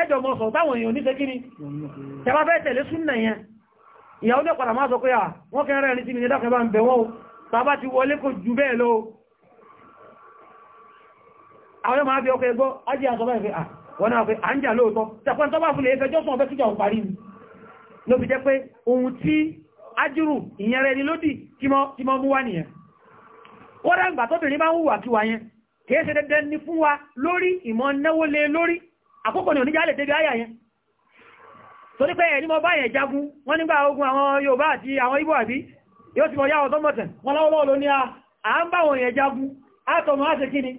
ẹjọ́ mọ̀ sọ táwọn èèyàn ní ṣekíní tẹ́ bá fẹ́ tẹ̀lé súnnà yẹn ìyàwó ní ọ̀pàdà máa sọ pé à wọ́n kẹ́rẹ́ ẹni tí mi ní dákẹ́ bá ń bẹ̀ wọ́n tàbá ti wọlé kò jù bẹ́ẹ̀ lọ àwọn ọmọ abẹ́ ọkọ̀ ẹgbọ́ ajé àtọ́bá à ah, wọ́n náà pé à ń jà lóòtọ́ tẹ̀pọ̀ tọ́bá fún lè fẹjọ́ ọ̀fẹ́ ohun tí ajírù ìyẹn ni lódì tí mọ́ nìyẹn wọ́n dá wa yẹn kìí ṣe wa lórí ìmọ̀ náwó lé lórí àkókò ní oníjà lè débi yẹn torí pé ogun àwọn Yorùbá àti àwọn àbí yóò ti mọ̀ yá ọ̀tọ́mọ̀tẹ̀ ló a ah, à ń bá wọn yẹn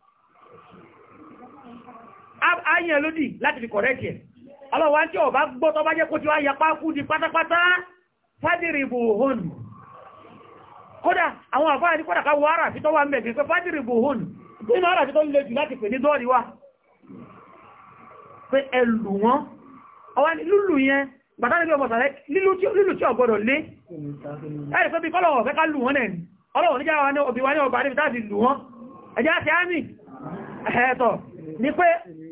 ayẹ̀ lódì láti fi kọ̀rẹ́kì ẹ̀ ọlọ́wà tí ọ bá gbọ́ tọ́ bá jẹ́ kó tí wá yapa kú di pátápátá fádìrìbò hòn kódà àwọn àfáà ní kódà káwọ ara àfitọ́ wa mẹ́gbẹ̀ pé fádìrìbò hòn nínú ara àfitọ́ lè jù láti pè ní dọ́ọ̀rí wa pé ẹlù wọn ọwá ní lúlù yẹn gbàtánilé ọmọ sàrẹ́ lílù tí ọgbọ́dọ̀ lé ẹ̀rì pé bí kọ́lọ̀ ọ̀fẹ́ ká lù wọn nẹ̀ ọlọ́wọ̀ ní jáwa ní ọbí wa ní ọba níbi táàdì lù wọn ẹjá ti á mì ẹ̀ẹ́tọ̀ ní pé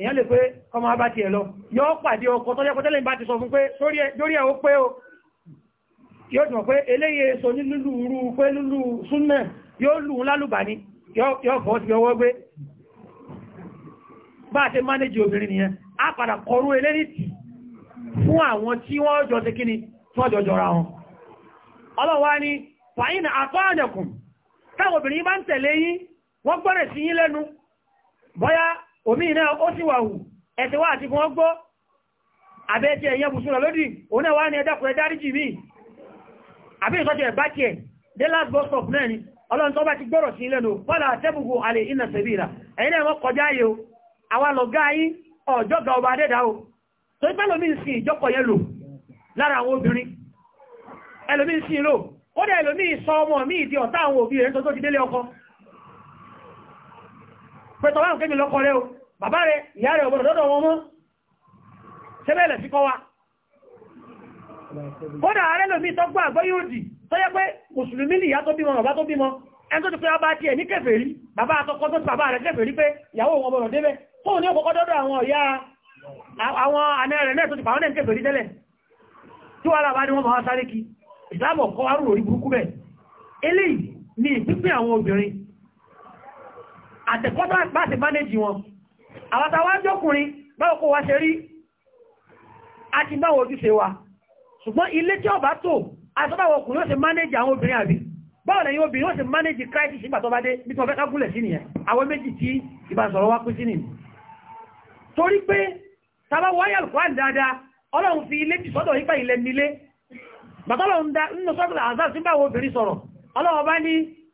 èyàn lè pé kọmọ bá ti ẹ̀ lọ yóò pàdé ọkọ̀ tó jẹ́kọ́ tẹ́lẹ̀ bá ti sọ fún pé lórí ẹ̀ ó pé o yóò tún pé eléyè so ní lúlù rú pé lúlù súnnà yóò lù ú lálùbà ní yóò fọ́ sí ọwọ́ gbé bá ṣe mánéjì obìnrin nìyẹn á padà kọrú eléyìí fún àwọn tí wọ́n jọ sí kíni fún ọjọ́ omi náà ó sì wà hù ẹ̀tẹ̀ wá àti fún ọgbọ́ àbẹ́ẹ̀tì ẹ̀yẹ bùsùn lọ́dí òun náà wá ní ẹ̀dàkùn ẹ̀dáríjì mi àbí ìsọ́jẹ̀ ẹ̀bá tí ẹ̀ dé last bus stop náà ni ọlọ́run tó bá ti gbọ́rọ̀ sí lẹ́nu fọ́lá tẹ́bùgbò alẹ́ iná sẹ̀bìlá ẹ̀yìn náà wọ́n kọjá yìí o àwa lọ gáyí ọjọ́ ga ọba adẹ́dà o tó ń pẹ́lómi sí ìjọ́kọ̀ yẹn lò lára àwọn obìnrin ẹlòmí sí lò pẹ̀tọ̀ wọ́n kéjì lọ́kọ̀ rẹ̀ o bàbá rẹ̀ ìyá rẹ̀ ọgbọ̀dọ̀ lọ́dọ̀ wọn mọ́ sẹ́bẹ̀lẹ̀ sí kọ́ wa kódà ààrẹ lòmí tọ́gbà àgbọ́ yóò dì tó yẹ pé mùsùlùmí ni ìyá tó bímọ bàbá tó bímọ ẹni tó ti pé ọba ti ẹ̀ ní kèfèrí bàbá àtọkọ tó ti bàbá rẹ̀ kèfèrí pé ìyàwó wọn bọ̀rọ̀ débẹ̀ tó ní ọkọ̀kọ́ dọ́dọ̀ àwọn ọ̀yá àwọn àna rẹ̀ náà tó ti pàwọn kèfèrí tẹ́lẹ̀ àtẹ̀kọ́tà bá ti mánéjì wọn àwátawájọ́kùnrin báwo kó wa ṣe rí a ti báwọn ojúṣe wa ṣùgbọ́n ilé tí ọba tó àtọ́bàwọ̀ ọkùnrin ó ṣe mánéjì àwọn obìnrin àbí báwọn lẹ́yìn obìnrin ó ṣe mánéjì crisis nígbà tó bá dé bí tí wọ́n fẹ́ kágúnlẹ̀ sí nìyẹn àwọn méjì tí ìbánisọ̀rọ̀ wá pín sí nìyẹn torí pé tàbá wáyàl kwan dáadáa ọlọ́run báwọn obìnrin sọ̀rọ̀ ọlọ́run bá ní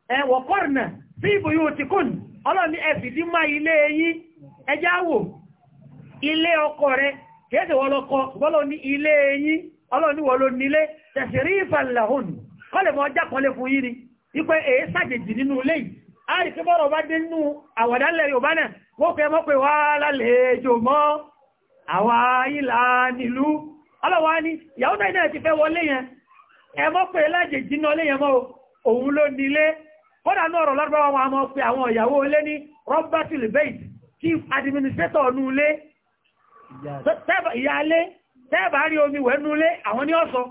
ẹ̀wọ̀ kọ́rìnà sí ìbòyí òtìkún ọlọ́ni ẹ̀fìdí má ilé yín ẹjá wò ilé ọkọ rẹ kéèdè wọ́n lọ́kọ bọ́lọ́ ní ilé yín ọlọ́ni wọ́n ló nílé tẹ̀sìrí ìfàlàhùn kọ́lẹ̀ mọ́ jápọ̀lẹ̀ fún yín ni wípé èé sàjèjì nínú ilé yìí àrí bọ́rọ̀ bá dé la kódà náà ọ̀rọ̀ lọ́rọ̀bá wọn àmọ́ pé àwọn ìyàwó ilé ní robert libate chief administrator ọ̀nú ilé ìyálé tẹ́ẹ̀bà rí omi wẹ̀nú ilé àwọn ní ọ̀sọ́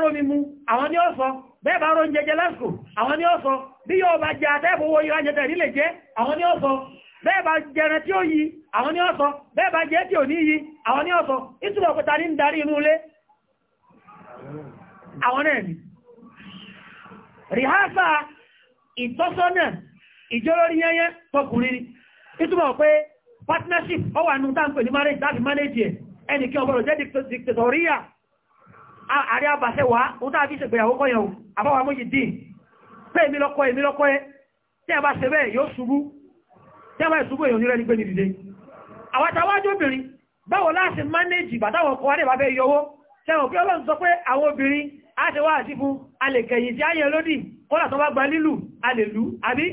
rí omi mú àwọn ní ọ̀sọ́ rí oúnjẹ jẹ lásìkò àwọn ní ọ̀sọ́ bí yóò bá jẹ àwọn ìtọ́sọ́nà ìjọ́lórí yẹ́yẹ́ tọkùnrin ni ìtumọ̀ pé partnership ọ wà nínú táàpẹ̀ ní marriage láti manage ẹ̀ ẹnìkí ọgbọ̀rọ̀ jẹ́ dictatorial àrí àbàṣẹ wà ń tàbí ìṣẹ̀gbẹ̀yàwó kọ́yàn àbáwà mú yìí dín pé èmi lọ́kọ́ èmi lọ́kọ́ ẹ tí a bá ṣe bẹ́ẹ̀ yóò ṣubú tí a bá ṣubú èyàn nírẹ́ nígbé nìdìde àwátawájú obìnrin báwo láti manage bàtàwọn ọkọ̀ adé bàbẹ́ yọwó tẹ́wọ̀n pé ọlọ́run sọ pé àwọn obìnrin á ṣe wá àti fún alẹ́kẹ̀yìn tí á yẹn lódì kọ́lá tó bá gba lílù a lè lù àbí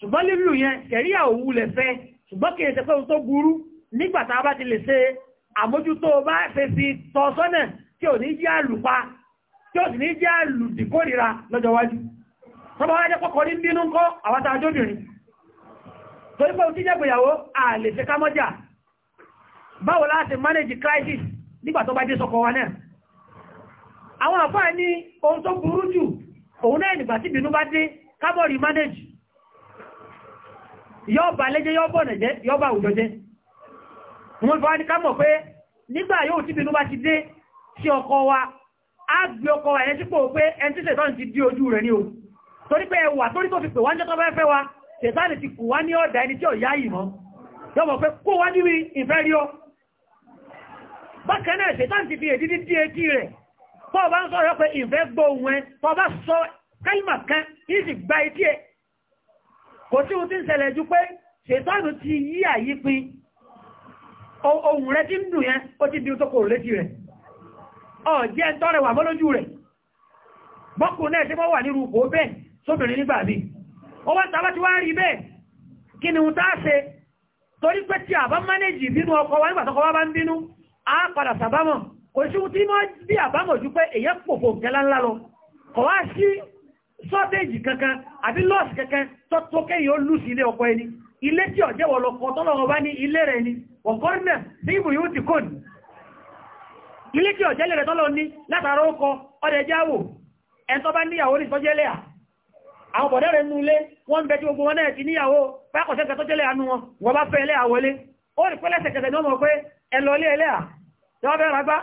ṣùgbọ́n lílù yẹn kẹ̀ríyà òwú lẹ̀ fẹ́ ṣùgbọ́n kì í ṣe pé ohun tó burú nígbà tá a bá ti lè ṣe àmójútó bá fẹ́ fi tọ́ sọ́nà tí ò ní jẹ́ àlùpa tí ò sì ní jẹ́ àlùdìkórira lọ́jọ́ wájú tọ́bọ̀ wá jẹ́ kọ́kọ́ ní bínú ń kọ́ àwátá ajóbìnrin torí pé òtí crisis nígbà tó bá dé sọ́kọ wa náà àwọn àfáà ní ohun tó burú jù òun náà nígbà tí ìbínú bá dé kábọ̀rì manage yọ́ bà lẹ́jẹ́ yọ́ bọ̀nà jẹ́ yọ́ bà òjò jẹ́ wọ́n fọ́ ní kámọ̀ pé nígbà yóò tí ìbínú bá ti dé sí ọkọ wa á gbé ọkọ wa yẹn sípò pé ẹn tí ṣètọ́n ti dí ojú rẹ̀ ní o torí pé ẹwà torí tó fi pè wájọ́ wa ṣètọ́n ti kù wá ní ọ̀dà ẹni tí ò yá yìí mọ́ yọ́mọ̀ pé kó wá níbi ìfẹ́ rí ọ bákan náà tó bá ń sọ ọ̀rọ̀ pé ìfẹ́ gbóhun ẹ tó bá sọ kẹ́lìmà kan yìí sì gba etí ẹ kò tí wọ́n ti ń ṣẹlẹ̀ ju pé ṣètọ́nù ti yí àyípin ohun rẹ ti ń dùn yẹn ó ti di tó kò létí rẹ̀ ọ̀jẹ́ tọ́rẹ wà mọ́lójú rẹ̀ bọ́kùn náà tí wọ́n wà nírú kò bẹ́ẹ̀ sóbìnrin nígbà bí ó wá tàbá ti wá rí bẹ́ẹ̀ kí ni ta ṣe torí pé tí àbá mánéjì bínú ọkọ wa nígbàtọ́kọ wá bá ń kò sí tí mọ́ bí àbámọ̀ ju pé èyẹ́ pòfò gẹ́lá ńlá lọ kọ̀ wá sí sọ́dẹ̀jì kankan àbí lọ́ọ̀sì kankan tó tó kéyìn ó lùsì ilé ọkọ ẹni ilé tí ọ̀jẹ́ wọ̀ lọ kọ́ tọ́lọ́wọ́ bá ní ilé rẹ̀ ni ọ̀kọ́rìnà sí ìbò yóò ti kò ní ilé tí ọ̀jẹ́ lẹ̀rẹ̀ tọ́lọ́ ní látara ọkọ ọdẹ jáwò ẹ̀tọ́ bá níyàwó ní sọ́jẹ́lẹ̀ à àwọn bọ̀dẹ́ rẹ̀ nú wọ́n bẹ tí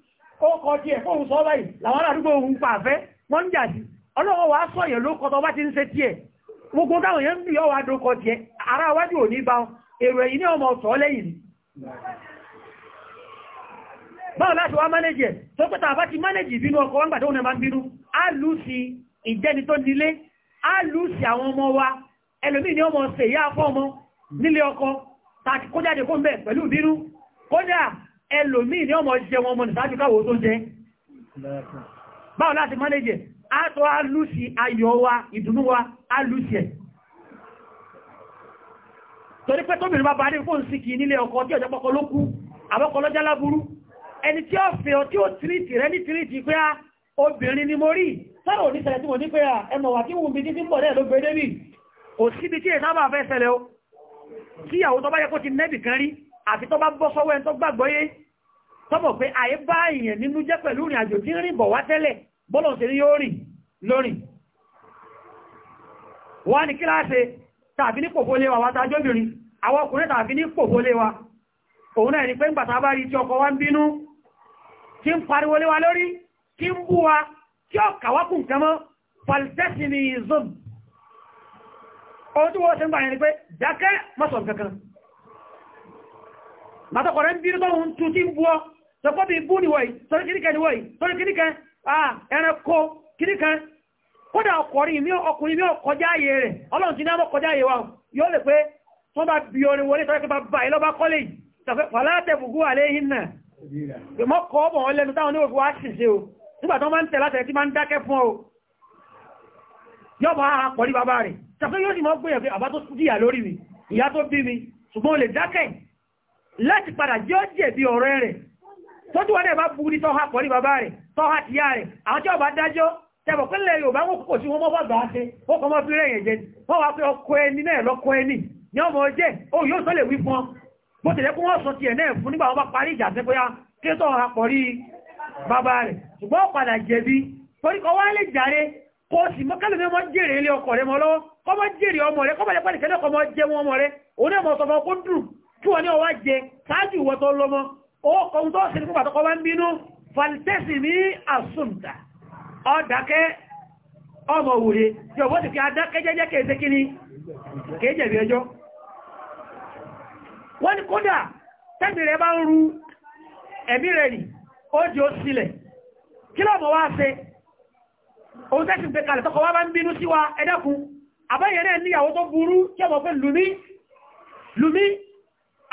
o kọ tiẹ̀ fóun sọ báyìí làwọn àdúgbò òun pa àfẹ́ wọ́n ń jà wa ló kọtọ bá ti ń ṣe tiẹ̀ gbogbo yẹn ń ọwà ara wájú ò ní bá èrò ẹ̀yìn ní ọmọ ọ̀tọ̀ lẹ́yìn láti wá mánéjì ẹ̀ tó pẹ́ta àbá ti mánéjì ìbínú ọkọ̀ gbàtọ́ ń bínú á lù sí ìjẹni tó nílé wa ni ọmọ ṣe ìyá ọmọ nílé ọkọ tàbí kó jáde kó ń bẹ̀ ẹlòmíì ní ọmọ jẹ wọn mọ̀ nìsájú káwò tó jẹ báwọn láti mọ́lẹ́jẹ̀ àtọ́ alúsì ayọ̀ wa ìdùnnú wa alúsì ẹ̀ torí pé tóbìnrin bá bàárí fóòn sí kìí nílé ọkọ tí ọjọ́ pọ́kọ ló kú àbọ́kọ lọ́já láburú ẹni tí ó fẹ́ ọ tí ó tírìtì rẹ ní tírìtì pé á ah, obìnrin ni mo rí sọ́rọ̀ oníṣẹ̀lẹ̀ tí mo ní pé à ah, ẹmọ̀ wà tí wùn bí ní bímbọ̀ rẹ̀ ló gbé débì kò síbi tí èsábà fẹ́ ṣẹlẹ̀ o tíyàwó tó bá yẹ kó ti nẹ́bì kan rí àti tó bá bọ́ sọ́wọ́ ẹni tó gbàgbọ́yé tọ́mọ̀ pé àyè bá èèyàn nínú jẹ́ pẹ̀lú ìrìn àjò tí ń rìn bọ̀ wá tẹ́lẹ̀ bọ́lọ̀ sí ní yóò rìn lórí wọ́n ní kíláàsì tàbí ní pòfólé wa wátá jóbìnrin àwọn ọkùnrin tàbí ní pòfólé wa òun náà ni pé ńgbàtà bá rí tí ọkọ wa ń bínú tí ń pariwo lé wa lórí tí ń bú wa tí ó kàwákùn kẹmọ́ falsetinism ohun sọ́kọ́ bí bú níwọ̀ yìí sọ́rí kìníkẹ́ níwọ̀ yìí sọ́rí kìníkẹ́ ẹranko kìníkẹ́ kódà ọkùnrin mi ọkọjá ayé rẹ̀ ọlọ́run ti ní àmọ́ kọjá ayé wa yóò lè pé wọ́n bá bí orin wọlé tọ́jú bá bá ilọ́bá kọ́lé fàlátẹ̀bùgú àléhìn náà ìmọ́ kọ́ ọmọ wọn lẹ́nu táwọn oníwòfin wá ṣìṣe o nígbà tó máa ń tẹ̀lá tẹ̀lá tí máa ń dákẹ́ fún ọ yọ́ bá pọ̀ ní bàbá rẹ̀ mi ìyá tó bí mi ṣùgbọ́n ó lè dákẹ́ láti padà jẹ́ ó jẹ̀bi ọ̀rẹ́ rẹ̀ tó tí wọ́n dẹ̀ bá bú ní tọ́ha pọ̀ ní bàbá rẹ̀ tọ́ha ti yá rẹ̀ àwọn tí ọba dájọ́ tẹ́bọ̀ pínlẹ̀ Yorùbá wọ́n kò sí wọ́n mọ́fà gbà ṣe ó kọ́ mọ́ fi rẹ̀ yẹn jẹ wọ́n wá pé ọkọ ẹni náà lọ́kọ ẹni ní ọmọ jẹ́ ó yóò sọ lè wí fún ọ bó tẹ̀lẹ́ kó wọ́n sọ tiẹ̀ náà fún nígbà wọn bá parí ìjà sí bóyá kí tó ha pọ̀ rí bàbá rẹ̀ ṣùgbọ́n padà jẹ̀bi torí kọ́ wá lè jàre kó sì mọ́ kẹ́lẹ̀ mọ́ jèrè ilé ọkọ rẹ̀ mọ́ lọ́wọ́ kọ́ mọ́ jèrè ọmọ rẹ̀ kọ́ mọ́ lẹ́pẹ́ nìkẹ́lẹ́ ọkọ̀ mọ́ jẹ́ wọn ọmọ rẹ̀ òun náà mọ́ sọ fún ọkọ̀ dùn kí wọ́n ní ọwá jẹ ṣáájú ìwọ́ tó lọ́mọ́ ó kọun tó ṣe ní pàtàkọ bá ń bínú falitẹ́sì ní àsùntà ọdákẹ́ ọmọ òwúre yọ bó ti fi adákẹ́ jẹ́jẹ́ kéèsé kí ni kéèjẹ̀bí ẹjọ́ wọ́n ni kódà tẹ́bì rẹ̀ bá ń ru ẹ̀mí rẹ̀ rì ó di ó sílẹ̀ kí lọ́mọ wá ṣe òun tẹ́sì pé kalẹ̀ tọ́kọ wá bá ń bínú sí wa ẹ̀dẹ́kun àbáyẹ̀ náà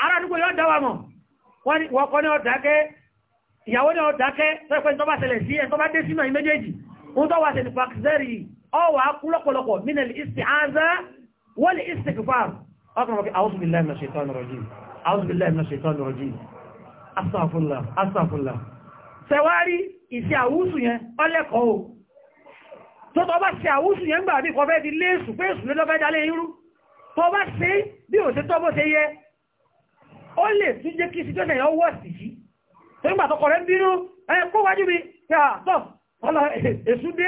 ara nígbò yọ́ dáwà mọ̀ wọ́n kọ́ ní ọ̀dákẹ́ ìyàwó ní ọ̀dákẹ́ tọ́ẹ̀kọ́ ìtọ́bá tẹ̀lẹ̀ sí ẹ̀ tọ́bá dé sínú ìméjèèjì ń tọ́ wà tẹ̀lẹ̀ pàkìsẹ́rì ọwà kú lọ́pọ̀lọpọ̀ mínẹ̀lì ìsìnkáza wọ́n ó lè tún jẹ́ kí situation yẹn wọ́ sí yìí tó nígbà tọkọ̀ rẹ̀ ń bínú ẹ kó wájú mi yàtọ̀ èṣù dé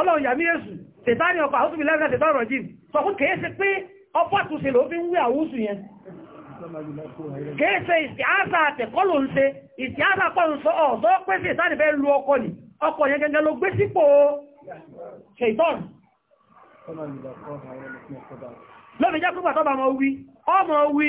ọlọ́run yàmí èṣù tètà ní ọkọ̀ àwúsù mi lẹ́rẹ̀ tètà ọ̀rọ̀ jìm sọ fún kèé ṣe pé ọpọ̀ àtúnṣe ló fi ń wé àwúsù yẹn kèé ṣe ìsìáṣà àtẹ̀kọ́ ló ń ṣe ìsìáṣà pọ̀ ń sọ ọ̀dọ́ pé tètà ní fẹ́ lu ọkọ̀ nì ọkọ̀ yẹn gẹ́gẹ́ ló gbé sípò ṣètọ́n lọ́mìjá púpà tọ́ wí ọmọ wí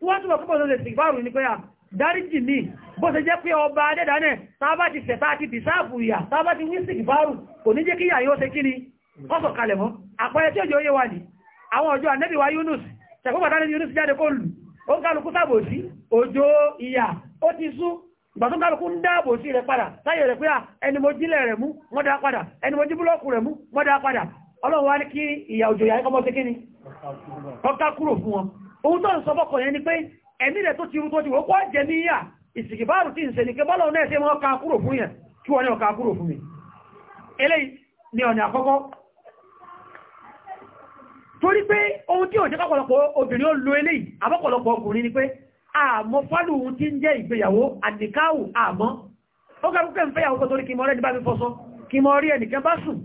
tí wọ́n túnbọ̀ púpọ̀ lórí ìsìnkú ní pé à dáríjì mi bó ṣe jẹ́ pé ọba adẹ́dánẹ̀ tábà ti fẹ̀ táà ti dìsáàbù ìyà tábà ti wí sìnkú bárù kò ní jẹ́ kí yàyó ṣe kí ni kọ́sọ̀ kalẹ̀ mọ́ àpẹẹrẹ tí ó jẹ́ oyé wà ní àwọn ọjọ́ ànẹ́bì wa Yunus ṣẹ̀kọ́bàtà ní Yunus jáde kó lù ó ń kálukú sàbòsí òjò ìyà ó ti sú ìgbàtún kálukú ń dáàbò sí rẹ̀ padà táyẹ̀ rẹ̀ pé à ẹni mo jílẹ̀ rẹ̀ mú wọ́n dá padà ẹni mo jí búlọ́ọ̀kù rẹ̀ mú wọ́n dá padà Ọlọ́run wá ní kí ìyà òjò ìyà ẹkọ́mọ́ sí kíni ọkà kúrò fún wọn ohun tó ń sọ n'ipe yẹn ni pé ẹ̀mí rẹ̀ tó ti rú tó ti wọ́pọ̀ jẹ ní yà ìsìnkìbáàrù tí ń se ní pé bọ́lọ̀ náà ṣe mọ́ ká kúrò fún yẹn kí wọ́n ní ọ̀ká kúrò fún mi ni ọ̀nà àkọ́kọ́ torí pé ohun tí ò jẹ́ kọ́pọ̀lọpọ̀ obìnrin ó lo eléyìí àbọ́pọ̀lọpọ̀ ọkùnrin ni pé àmọ́ ohun tí ń jẹ́ ìgbéyàwó àdìkáwù àmọ́ ó ń fẹ́yàwó torí kí mọ́ rẹ́ni bá mi fọ́sọ́ kí mọ́ rí bá sùn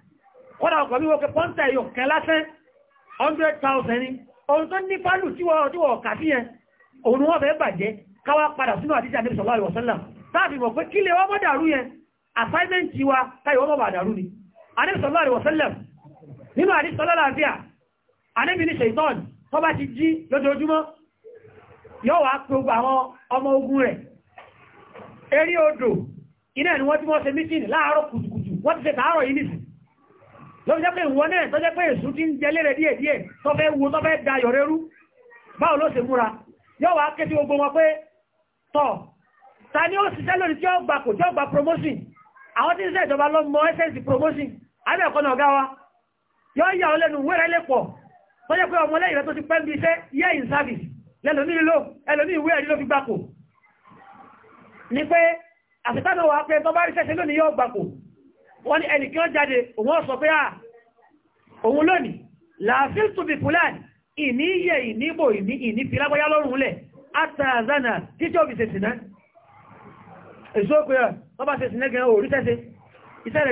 kọ́dà ọkọ̀ bí wọ́n kẹ pọ́ntà yóò kẹ lásán 100,000 ni ohun tó ní pálù tí wọ́n kà sí yẹn òun wọ́n fẹ́ bàjẹ́ káwà padà sínú àdíjà Ànábì sallallahu alaihi wasallam táàbí mọ̀ pé kí lè wọ́n assignment wa káyọ̀ wọ́n mọ̀bàdàrú ni Ànábì sallallahu alaihi wasallam nínú àdísọ́lá láàáfíà Ànábì ní ṣèitán tó bá ti jí lójoojúmọ́ yóò wá pé gbogbo àwọn ọmọ ogun rẹ̀ eré odò iná ni wọ́n ti mọ́ ṣe mítìn láàárọ̀ kùtùkùtù wọ́n ti ṣe tààrọ̀ yìí nìsìn lọ́bí jẹ́ pé ìwọ náà tó jẹ́ pé èsù tí ń jẹlé rẹ̀ díẹ̀ díẹ̀ tó fẹ́ wo tó fẹ́ da yọ̀rẹ́ rú báwo ló ṣe múra yóò wá ké tí gbogbo wọn pé tọ̀ ta ni ó ṣiṣẹ́ lórí tí ó gba kò tí ó gba promotion àwọn tí ń ṣe ìjọba lọ mọ essence promotion alẹ́ ọ̀kan náà gáwa yóò yà ọ lẹ́nu wẹ́rẹ́ lè pọ̀ tó jẹ́ pé ọmọ lẹ́yìn rẹ̀ tó ti pẹ́ ń bí iṣẹ́ year in service lẹ́lòmí lílò ẹlòmí ìwé ẹ̀rí ló fi gbapò ni wọ́n ní ẹnìkan jáde òun sọ pé à òun lónìí láàfíì tó bí fúlàní ìní yẹ ìníbò ìní ìní fi lágbáyá lọ́rùn lẹ̀ àtàzánà títọ́ fi sẹ̀sìnà èso pé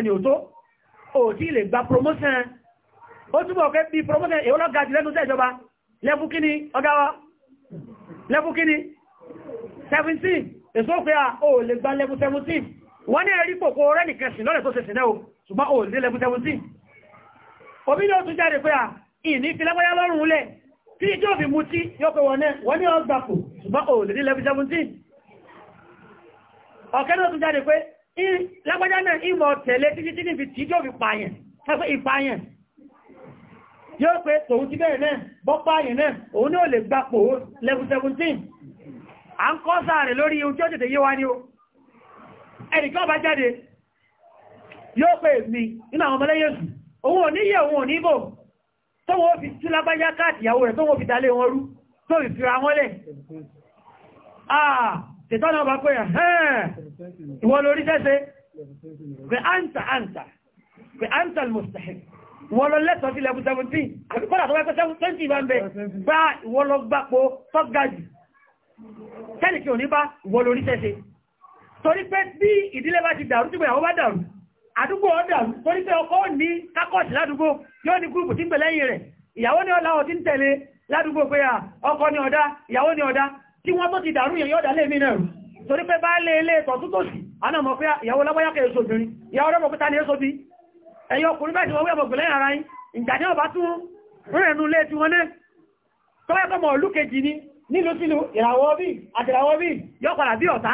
ni ò tó ò tí lè gba promotion ó túnbọ̀ kẹ́ bí promotion èwọ́ lọ́gá jù lẹ́nu sẹ́jọba lẹ́fú kíní ọgá wa lẹ́fú kíní 17 èso pé à ò lè gba lẹ́fú 17 wọ́n ní ẹ̀rí pòpò rẹ̀ nìkan sí lọ́rẹ̀ tó ṣe sínẹ́ o ṣùgbọ́n ò lè lẹ́bù tẹ́wùtí omi ní ó tún jáde pé à ìní ìfilẹ́gbọ́yá lọ́rùn ulẹ̀ tí ìjọ́ fi mú tí yóò pé wọ́n ní ọgbàpò ṣùgbọ́n ò lè lẹ́bù tẹ́wùtí ọ̀kẹ́ ní ó tún jáde pé lágbájá náà ìmọ̀ tẹ̀lé títí tí níbi tí yóò fi pààyàn tẹ́fẹ́ ẹnìkan bá jáde yóò pè mí nínú àwọn ọmọlẹ́yẹ̀sù òun ò níyẹ̀ òun ò níbò tó wọ́n fi tú lágbájá káàtì ìyàwó rẹ̀ tó wọ́n fi dalé wọn rú tó fi fira wọn lẹ̀ ah, tẹ̀tọ́nà ọba pé ẹ̀hẹ́n ìwọ lórí tẹ́sẹ́ pé áńtà áńtà pé áńtà al-mustahiq ìwọ lọ lẹ́tọ̀ọ́ sí level 17 àbíkọ́lá tó wẹ́kọ́ 20 bá ń bẹ bá ìwọ lọ gbápo tọ́gájì tẹ́lì kí ò ní bá ìwọ lórí tẹ́sẹ́ torí pé bí ìdílé bá ti dàrú tígbẹ̀ àwọn bá dàrú àdúgbò ọ dàrú torí pé ọkọ ní kákọ̀ọ̀tì ládùúgbò yóò ní gúrùpù tí ń bẹ̀ lẹ́yìn rẹ̀ ìyàwó ní ọlá ọtí ń tẹ̀lé ládùúgbò pé à ọkọ ní ọ̀dá ìyàwó ní ọ̀dá tí wọ́n tó ti dàrú yẹn yóò dálé mi náà rú torí pé bá lé ilé tọ̀tútòsì àná mọ̀ pé ìyàwó lábáyá kẹ́ èso ni èso ni nílùú sílùú ìràwọ̀ bí àtìràwọ̀ bí yọ́ padà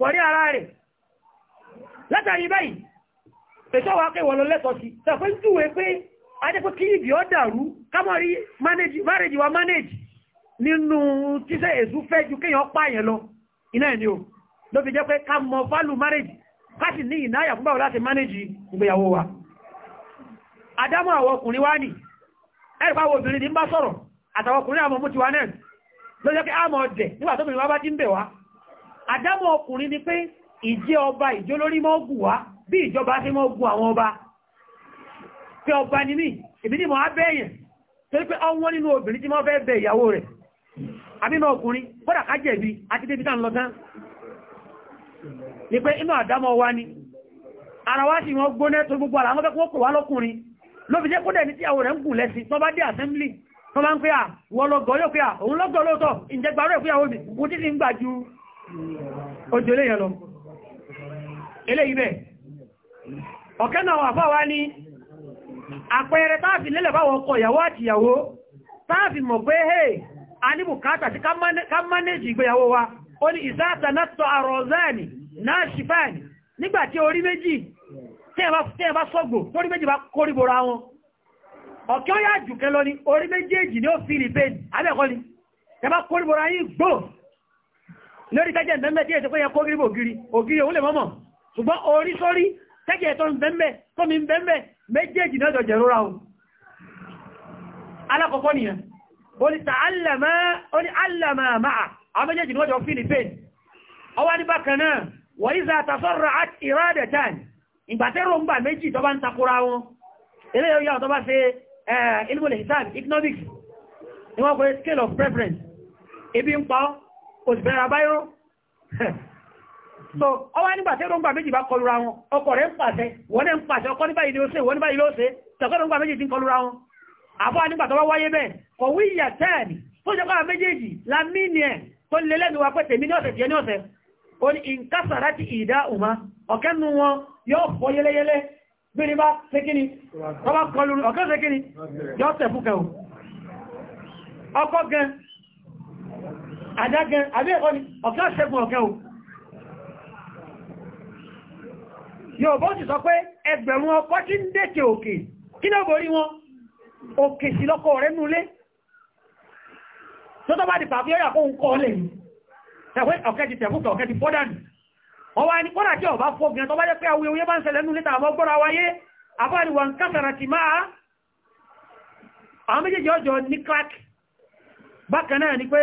wọ̀rí ara rẹ̀ látàrí báyìí ètò wà pé wọ̀lọ lẹ́tọ̀ sí ń pé ọ dàrú kámọ́rí wa manage nínú tíṣẹ́ èsú fẹ́ ju kéèyàn pààyàn lọ iná ẹni o ló fi jẹ́ pé fálù káti ní ìnáyà fún láti ìgbéyàwó wa adámọ́ àwọn ọkùnrin wá nì ẹ̀rùpá obìnrin ní bá sọ̀rọ̀ àtàwọn ọkùnrin àmọ́ mú ti wá náà ló jẹ́ pé àmọ́ ọ̀dẹ̀ nígbà tóbi wá bá ti ń àdámọ̀ ọkùnrin ni pé ìjẹ́ ọba ìjọ lórí mọ́ gù wá bí ìjọba sí mọ́ gù àwọn ọba pé ọba ni mí èmi ni mọ̀ á bẹ́ẹ̀yẹn tó pé ọwọ́n nínú obìnrin tí mọ́ fẹ́ bẹ ìyàwó rẹ̀ àbínú ọkùnrin bọ́dà ká jẹ̀bi àti débi tán lọ tán ni pé inú àdámọ̀ wa ni ara wa sì wọ́n gbóná tó gbogbo ara wọ́n fẹ́ kó wá lọ́kùnrin ló fi jẹ́ kó dẹ̀ ní tí àwọn rẹ̀ ń gùn lẹ́sí tó bá dé assembly tó bá ń pé à wọ́n lọ́gọ́ yóò ojú eléyàn lọ eléyìí ele ibe. náà wà fáwá ní àpẹẹrẹ táàfi lélẹ̀ báwọn ọkọ ìyàwó àti ìyàwó táàfi mọ̀ pé hey a ní bùkátà sí ká mánéjì ìgbéyàwó wa ó ní ìsáàtà nátọ̀ àrọ̀záàni náà ṣìfáàni nígbàtí orí méjì tí ẹ bá sọ́gbò lórí tẹ́jẹ̀ mẹ́mẹ́ tí èsì pé yẹn kó gírí ògiri ògiri òun lè mọ́mọ̀ ṣùgbọ́n orí sórí tẹ́jẹ̀ tó ń bẹ́m̀bẹ̀ tó mi bẹ́m̀bẹ̀ méjèèjì náà jọ jẹ̀rọ ráun alákọ̀ọ́kọ́ nìyàn ó ní alàmà máa àwọn méjèèjì náà jọ fi ní pain ọwá ní bákan náà wọ́n ní zata sọ́rọ̀ at irada tan ìgbàtẹ́rò ń bà méjì tó bá ń takora wọn ilé yóò tó bá ṣe ilmul hisab economics ni wọ́n pẹ̀lú scale ń pa ọ́ o sì fẹ́ra báyọ́ so ọwá nígbà tí rọ́ngbà méjì bá kọlura wọn ọkọ rẹ̀ ń pàṣẹ wọ́n ní ń pàṣẹ ọkọ nígbà ìlú ṣe wọ́n nígbà ìlú ṣe tẹ̀kọ́ rọ́ngbà méjì ti ń kọlura wọn àbọ́ nígbà tó wá wáyé bẹ́ẹ̀ kọ̀wé ìyà tẹ́ẹ̀nì tó jẹ́ kọ́ra méjèèjì lamíni ẹ̀ tó lè lẹ́nu wa pé tèmi ní ọ̀sẹ̀ tiẹ̀ ní ọ̀sẹ̀ ó ní ìǹkásà láti ìdá òmá ọ̀kẹ́ nu wọn yóò fọ́ yẹlẹyẹlẹ bí ní bá sékíní ọba kọlù ọ̀kẹ́ sékíní yóò tẹ̀ fúkẹ́ o ọkọ́ gan àdágẹn àbí ẹ̀kọ́ ni ọ̀ká ṣẹ́gun ọ̀kẹ́ o yóò bọ́ sì sọ pé ẹgbẹ̀rún ọkọ́ tí ń dẹ̀kẹ̀ òkè kí náà borí wọn òkè sí lọ́kọ̀ rẹ̀ núlé tó tọ́ bá di pàbí ọ̀yà kó ń kọ́ lẹ̀ tẹ̀wé ọ̀kẹ́ ti tẹ̀kú ọ̀kẹ́ ti fọ́dánù ọwá ní kọ́nà tí ọ̀bá fọ́gbìn tó bá jẹ́ pé awuyewuye bá ń ṣẹlẹ̀ nú létà àwọn ọgbọ́ra wáyé àbáríwà ń kásàrà ti máa àwọn méjèèjì ọjọ́ ní clark bákan náà ni pé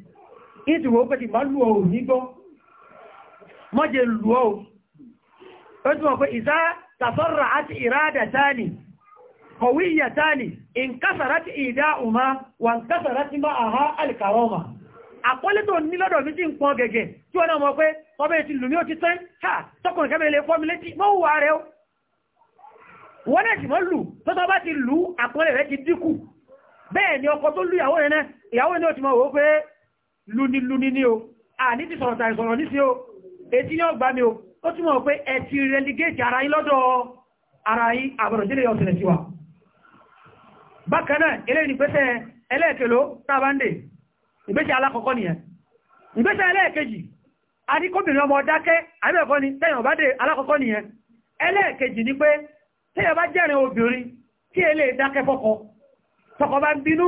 ìtì wọ́n pẹ́ ti bá lù ọ̀rùn nígbọ́ mọ́jẹ lù ọ̀rùn ó túnmọ̀ pé ìzá tàfọ́rọ̀ àti ìrádà tání kọ̀wíyà tání ìǹkásàrá ti ìdá ọmọ wà ǹkásàrá ti máa ha alìkàrọ́mà àpọ́lẹ́ tó ní lọ́dọ̀ mi ti ń pọn gẹ̀gẹ̀ tí wọ́n náà pé ọbẹ̀ ti lù ó ti tẹ́ ha tọkùn ìkẹ́mẹ́ lè fọ́ mi létí mọ́ wà rẹ̀ wọ́n náà sì mọ́ lù tó tọ́ bá ti lù àpọ́lẹ̀ rẹ̀ ti dínkù bẹ́ẹ̀ ni ọkọ tó lù ìyàwó rẹ̀ náà ìyàwó ni ó ti mọ̀ wò ó pé lúnilúni ní o a ní ti sọ̀rọ̀ tàì sọ̀rọ̀ ní sí o etí ní ọgbà mi o ó túnmọ̀ pé ẹ ti relegate ara yín lọ́dọ̀ ara yín àbọ̀rọ̀dílé ọ̀sẹ̀lẹ̀ sí wa bákan náà eléyìí ni pẹ́sẹ̀ ẹlẹ́ẹ̀kẹ́ló tàbándè ìgbésẹ̀ alákọ̀ọ́kọ́ nìyẹn ìgbésẹ̀ ẹlẹ́ẹ̀kejì adíkóbìnrin ọmọ dákẹ́ àbẹ́ẹ̀kọ́ ni tẹ́yàn bá dé alákọ̀ọ́kọ́ nìyẹn ẹlẹ́ẹ̀kejì ni pé tẹ́yàn bá jẹ́rin obìnrin kí elé dákẹ́ fọ́kọ tọkọ bá ń bínú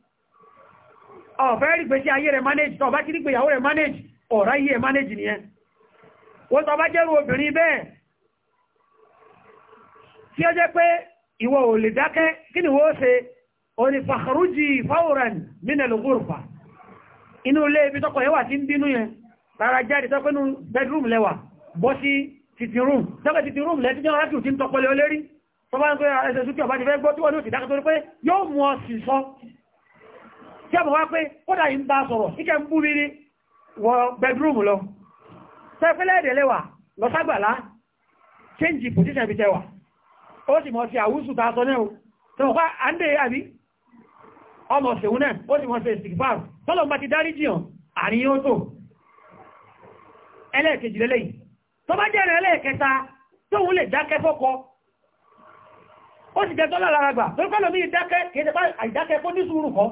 ọ̀fẹ́ rí gbèsè ayé rẹ̀ manage tọ́ bá ti rí gbèyàwó rẹ̀ manage ọ̀rá yìí ẹ̀ manage nìyẹn wọ́n tọ́ bá jẹ́rù obìnrin bẹ́ẹ̀ tí ó jẹ́ pé ìwọ ò lè dákẹ́ kí ni wọ́n ṣe onífàkàrújì fáwọ̀rán mínẹ̀lù gúrùfà inú ilé ibi tọ́kọ̀ yẹwà tí ń bínú yẹn rárá jáde tọ́pẹ́nú bedroom lẹ́wà bọ́ sí sitting room tọ́pẹ́ sitting room lẹ́tí jẹ́ rákìú tí ń tọpọlẹ̀ olérí tọ́pẹ́ ẹsẹ̀ súnkẹ́ ọba ti fẹ́ gbọ́ tí wọ́n ní òsì dákẹ́ torí pé yóò mú ọ sì sọ jẹ́mọ̀ wá pé kódà yìí ń bá sọ̀rọ̀ ikẹ́ ń bú rírí wọ bẹ̀dúrùmù lọ sẹ́fẹ́lẹ́ ìdẹ̀lẹ́wà lọ ságbàlá change position ibi tẹwà ó sì mọ̀ sí àwúsù ta sọ náà tọ́wọ́pá àndé àbí ọmọ ṣeun náà ó sì mọ̀ sí ìsìnkú tọ́lọ̀ bá ti dárí jìyàn àríyìn ó tó ẹlẹ́ẹ̀kejì lẹ́lẹ́yìn tó bá jẹ́rẹ̀ ẹlẹ́ẹ̀kẹta tóhun lè dákẹ́ fọ́kọ́ ó sì jẹ́ tọ́lọ̀ lára gbà tó kọ́lọ̀ mí ìdákẹ́ kéde bá àìdákẹ́ fó ní sùúrù kan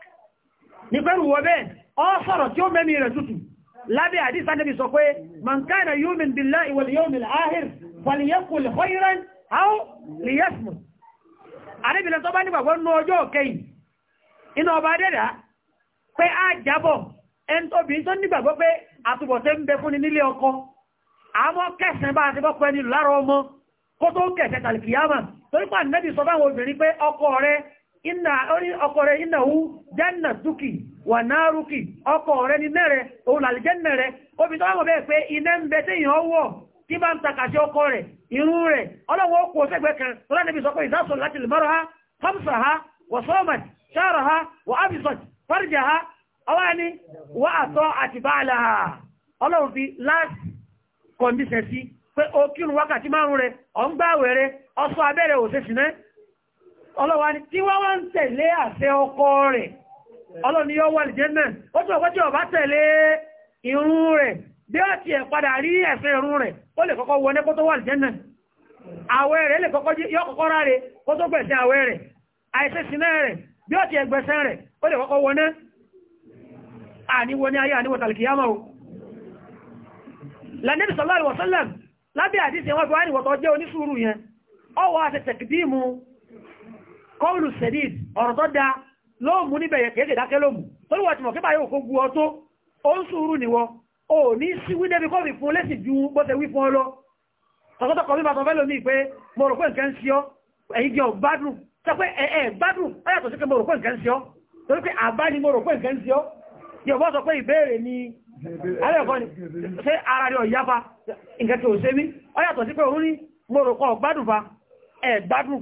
ní pẹ́rù wọ ọ sọ̀rọ̀ tí ó mẹ́mí rẹ̀ tútù lábẹ́ àdísá níbi sọ pé man kana yu'min billahi wal yawmil akhir falyaqul khayran aw liyasmut àríbìnrin tó bá nígbàgbọ́ ní ọjọ́ òkèyìn iná ọba dẹ́dà pé a jábọ̀ ẹn tó bí tó ọkọ àmọ́ kẹsàn bá ti lára ọmọ kó tó kẹsẹ̀ tàlìkìyàmà nẹ́bì sọ ọkọ rẹ inna ọkọ rẹ̀ iná hú jẹ́nà dúkì wà náà rúkì ọkọ rẹ̀ ní mẹ́rẹ̀ òun làlìjẹ́nà rẹ̀ obi tó wọ́n kwe pé iná ń bẹ ti ba wọ̀ ọkọ rẹ̀ irun rẹ̀ ọlọ́wọ́ ó kan tó láti ha hamsa ha wa sọ́ọ̀màtì ha wa ábìsọ̀t fárìjà ha ọwá ni wà àtọ́ ha fi ọlọ́wà ní tí wọ́n wọ́n tẹ̀lé àṣẹ ọkọ rẹ̀ ọlọ́ni yóò wà lìjẹ́ náà ó tó ọgbọ́n tí ọba tẹ̀lé irun rẹ̀ bí ó ti ẹ̀ padà rí ẹ̀fẹ́ irun rẹ̀ ó lè kọ́kọ́ wọlé kó tó wà lìjẹ́ náà àwẹ̀ rẹ̀ lè kọ́kọ́ ráre kó tó gbẹ̀sẹ̀ àwẹ̀ rẹ̀ àìsẹ́ sinẹ́ rẹ̀ bí ó ti ẹ̀ gbẹ̀sẹ̀ rẹ̀ ó lè kọ́kọ́ wọlé àníwọ ní ayé àníwọ tàlìkìyàmọ̀ o lẹ́nẹ́bì sallallahu alaihi wasallam lábẹ́ àdíṣẹ́ wọn fi wá ní wọ́tọ̀ jẹ́ onísùúrù yẹn ọwọ́ àti tẹ̀kìdímù kọ́ọ̀lù sẹ̀díd ọ̀rọ̀ tó da lóòmù níbẹ̀ yẹn kéèkè dákẹ́ lóòmù tó ní wọ́n ti mọ̀ kí báyìí òkú gu ọ tó ó ń sùúrù nìwọ ò ní sí wí débi kọ́ọ̀fì fún lẹ́sìn ju bó ṣe wí fún ọ lọ tọ́tọ́tọ́ kọ́ bíbá tọ́fẹ́ lómi pé mo rò pé nǹkan ń ṣíọ́ ẹ̀yìn jẹ́ ọ̀gbádùn sọ pé ẹ̀ ẹ̀ gbádùn ó yàtọ̀ sí pé mo rò pé nǹkan ń ṣíọ́ torí pé àbá ni mo rò pé nǹkan ń ṣíọ́ yóò bọ́ sọ pé ìbéèrè ni alẹ́kọ́ ni ṣé ara rẹ̀ ọ̀yáfa nǹkan tí ò ṣe mí ó yàtọ̀ sí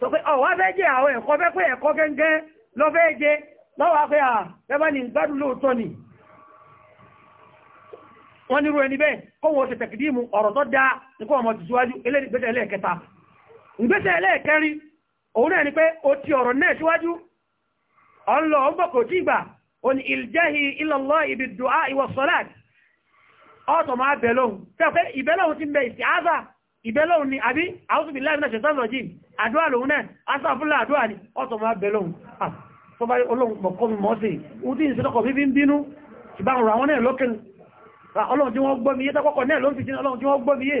sọ pé ọ̀wá oh, fẹ́ jẹ́ àwọn ẹ̀kọ́ fẹ́ pé ẹ̀kọ́ gẹ́gẹ́ lọ fẹ́ jẹ́ lọ́wọ́ pé à ẹbá ní gbádùn lóòótọ́ ni wọ́n nírú ẹni bẹ́ẹ̀ kọ́wọ́ ṣe tẹ̀kìdímù ọ̀rọ̀ tó dáa ní kọ́ ọmọ tìṣíwájú ìgbésẹ̀ ẹlẹ́ẹ̀kẹta ìgbésẹ̀ ẹlẹ́ẹ̀kẹrin òun náà ni pé ó ti ọ̀rọ̀ náà síwájú ọlọ́ ọgbọ̀kọ̀ tí ìgbà o ni ìlẹ́hì ilọ̀lọ́ ìbẹ́lọ́hun ni àbí àwọ́sùbí láìmínà ṣẹ̀tọ́lọ́jì àdúrà lòun náà asáfúnlá àdúrà ni ọ̀tọ̀mọ̀ abẹ́lọ́hun tó bá olóhun pọ̀kọ́ mi mọ́ sí ohun tí ìṣẹ́lọ́kọ̀ fífí ń bínú ìbáhùn ra wọn náà lókè ọlọ́run tí wọ́n gbọ́ mi yé tọ́kọ́kọ́ náà ló ń fi sí ọlọ́run tí wọ́n gbọ́ mi yé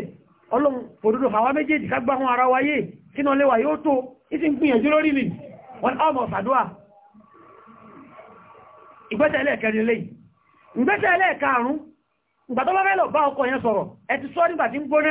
ọlọ́run fòdodo àwa méjèèjì ká gbáhùn ara wa yé kí náà lọ bá ọkọ yẹn sọ̀rọ̀ ẹ ti sọ nígbà ń gbóná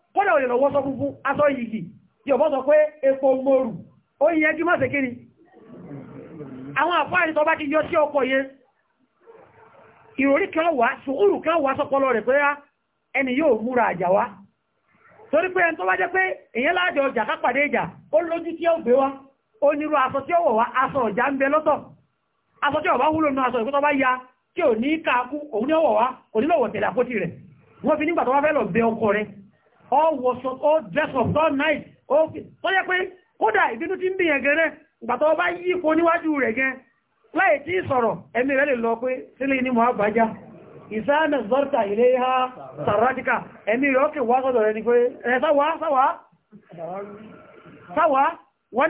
kódà òyìnbó wọ́n sọ funfun aṣọ yìí yóò bọ́ sọ pé epo mòrù ó yẹ kí mọ́ sí kí ni àwọn àfáàrí tó bá ti yọ sí ọkọ̀ yẹn ìròrí kan wà ṣùúrù kan wà sọpọlọ rẹ̀ pé torí pé ẹni tó bá jẹ́ ọjà kápàdé ìjà ó lójú tí ó gbé wá ó nírú aṣọ tí ó wọ̀ wá aṣọ ọjà ń bẹ lọ́tọ̀ aṣọ tí ó bá wúlò aṣọ bá ya tí ò ní káàkú òun ní ọwọ̀ wá kò nílọ̀wọ̀ tẹ̀lẹ̀ àpótí rẹ̀ wọ́n ọkọ rẹ̀ ọ wọ̀ṣọ́ ó dress-up so nice tó yẹ pé kódà ìbínú ti ń bí yẹn gẹ́rẹ́ gbàtọ́ bá yí ipò níwájú rẹ̀ gẹ́ láì tí sọ̀rọ̀ ẹ̀mí rẹ̀ lè lọ pé sílé ní mọ̀ àbájá ìsáàmẹ̀ zọ́rta ilé ha sàrádìkà ẹ̀mí rẹ̀ ókè wá sọ́dọ̀ rẹ̀ ni pé ẹ̀ sáwá sáwá sáwá wọ́n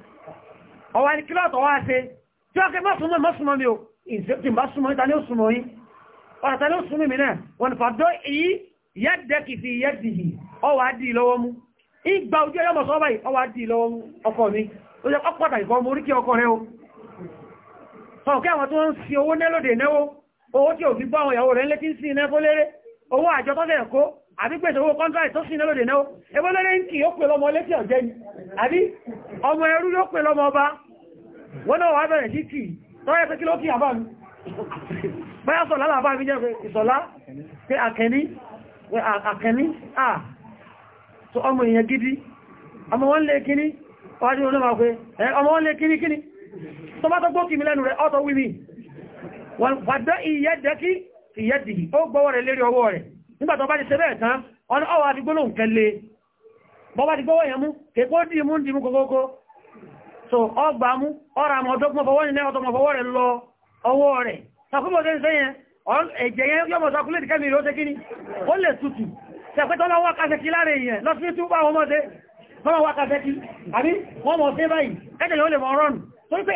ọwá ní kílọ̀tọ̀ wá ṣe tí ó kẹ́ mọ́súnmọ́ mọ́súnmọ́ mi o ìsẹ́kùn bá súnmọ́ ìta ní ó súnmọ́ yìí ọ̀rọ̀ ta ní ó súnmọ́ mi náà wọ́n fàdó ìyí yẹ́dẹ̀kì fi yẹ́dì yìí ọwà dì lọ́wọ́ mú ìgbà ojú ẹyọmọ̀ sọ́wọ́ yìí ọwà dì lọ́wọ́ mú ọkọ mi o sọ kí àwọn tó ń fi owó nẹ́lòdè náwó owó tí ò fi bọ́ àwọn ìyàwó rẹ̀ ń létí sí iná fóléré owó àjọ àbí pèsè owó contract tó sí lóde náà ẹgbẹ́ lórí ń kì yóò pè lọmọ létí ọ̀jẹ́ ni àbí ọmọ ẹrú yóò pè lọmọ ọba wọ́n náà wà bẹ̀rẹ̀ sí kì tọ́yẹ́ pé kí ló kí àbá mi báyá sọ̀lá làbá mi jẹ́ ìsọ̀lá pé àkẹni àkẹni à tó ọmọ èèyàn gidi ọmọ wọn lè kíní wájú onímọ̀ pé ọmọ wọn lè kíní kíní ó gbọ́wọ́ rẹ̀ lérí ọwọ́ rẹ̀ nígbà tó bá ti ṣe bẹ́ẹ̀ tán ọ̀nà ọwọ́ àti gbólóhùn kẹlẹ̀ bọ́ bá ti gbọ́wọ́ yẹn mú kèkó dìímú dìímú kòkókó so ọgbà mú ọ̀rà àmọ́ ọdọ́gbọ́n fọwọ́ ní ọdọ́gbọ́n fọwọ́ rẹ̀ lọ ọwọ́ rẹ̀ sàkúbọ̀ tẹ́ ń sẹ́yẹn ẹ̀jẹ̀ yẹn yọmọ̀ sàkúlẹ̀ ti kẹ́mì rẹ̀ ó ṣe kíní ó lè tutù sẹ̀pẹ́tọ́ lọ́wọ́ kásẹ̀kí láàrin èèyàn lọ sí túbà wọn mọ́ wọ́n wá kásẹ̀kí àbí wọ́n mọ̀ sí báyìí kẹ́jẹ̀ yóò lè mọ̀ rọrùn tó ń pẹ́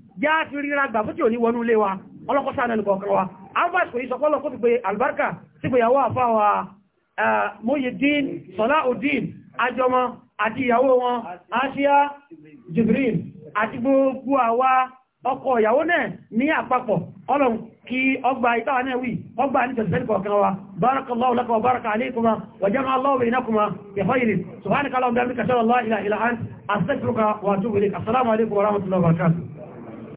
já fi ríra gbà fún tí ò ní wọnú ilé wa ọlọ́kọ́ sáà nẹ́nu kọ̀ọ̀kan wa albert kò yí sọ pọ́lọ̀ kó ti pé albarka sí pé ìyàwó àfáwà Muyideen Salahuddin ajọmọ àti ìyàwó wọn asia jibril àti gbogbo àwa ọkọ ìyàwó náà ní àpapọ̀ ọlọ́run kí ọgbà ìtawà náà wí ọgbà ní tẹ̀sẹ̀lẹ̀ kọ̀ọ̀kan wa barakallahu laka wa baraka alaykuma wa jama'a Allahu baynakuma bi khairin subhanaka allahumma wa bihamdika ashhadu an la ilaha illa anta astaghfiruka wa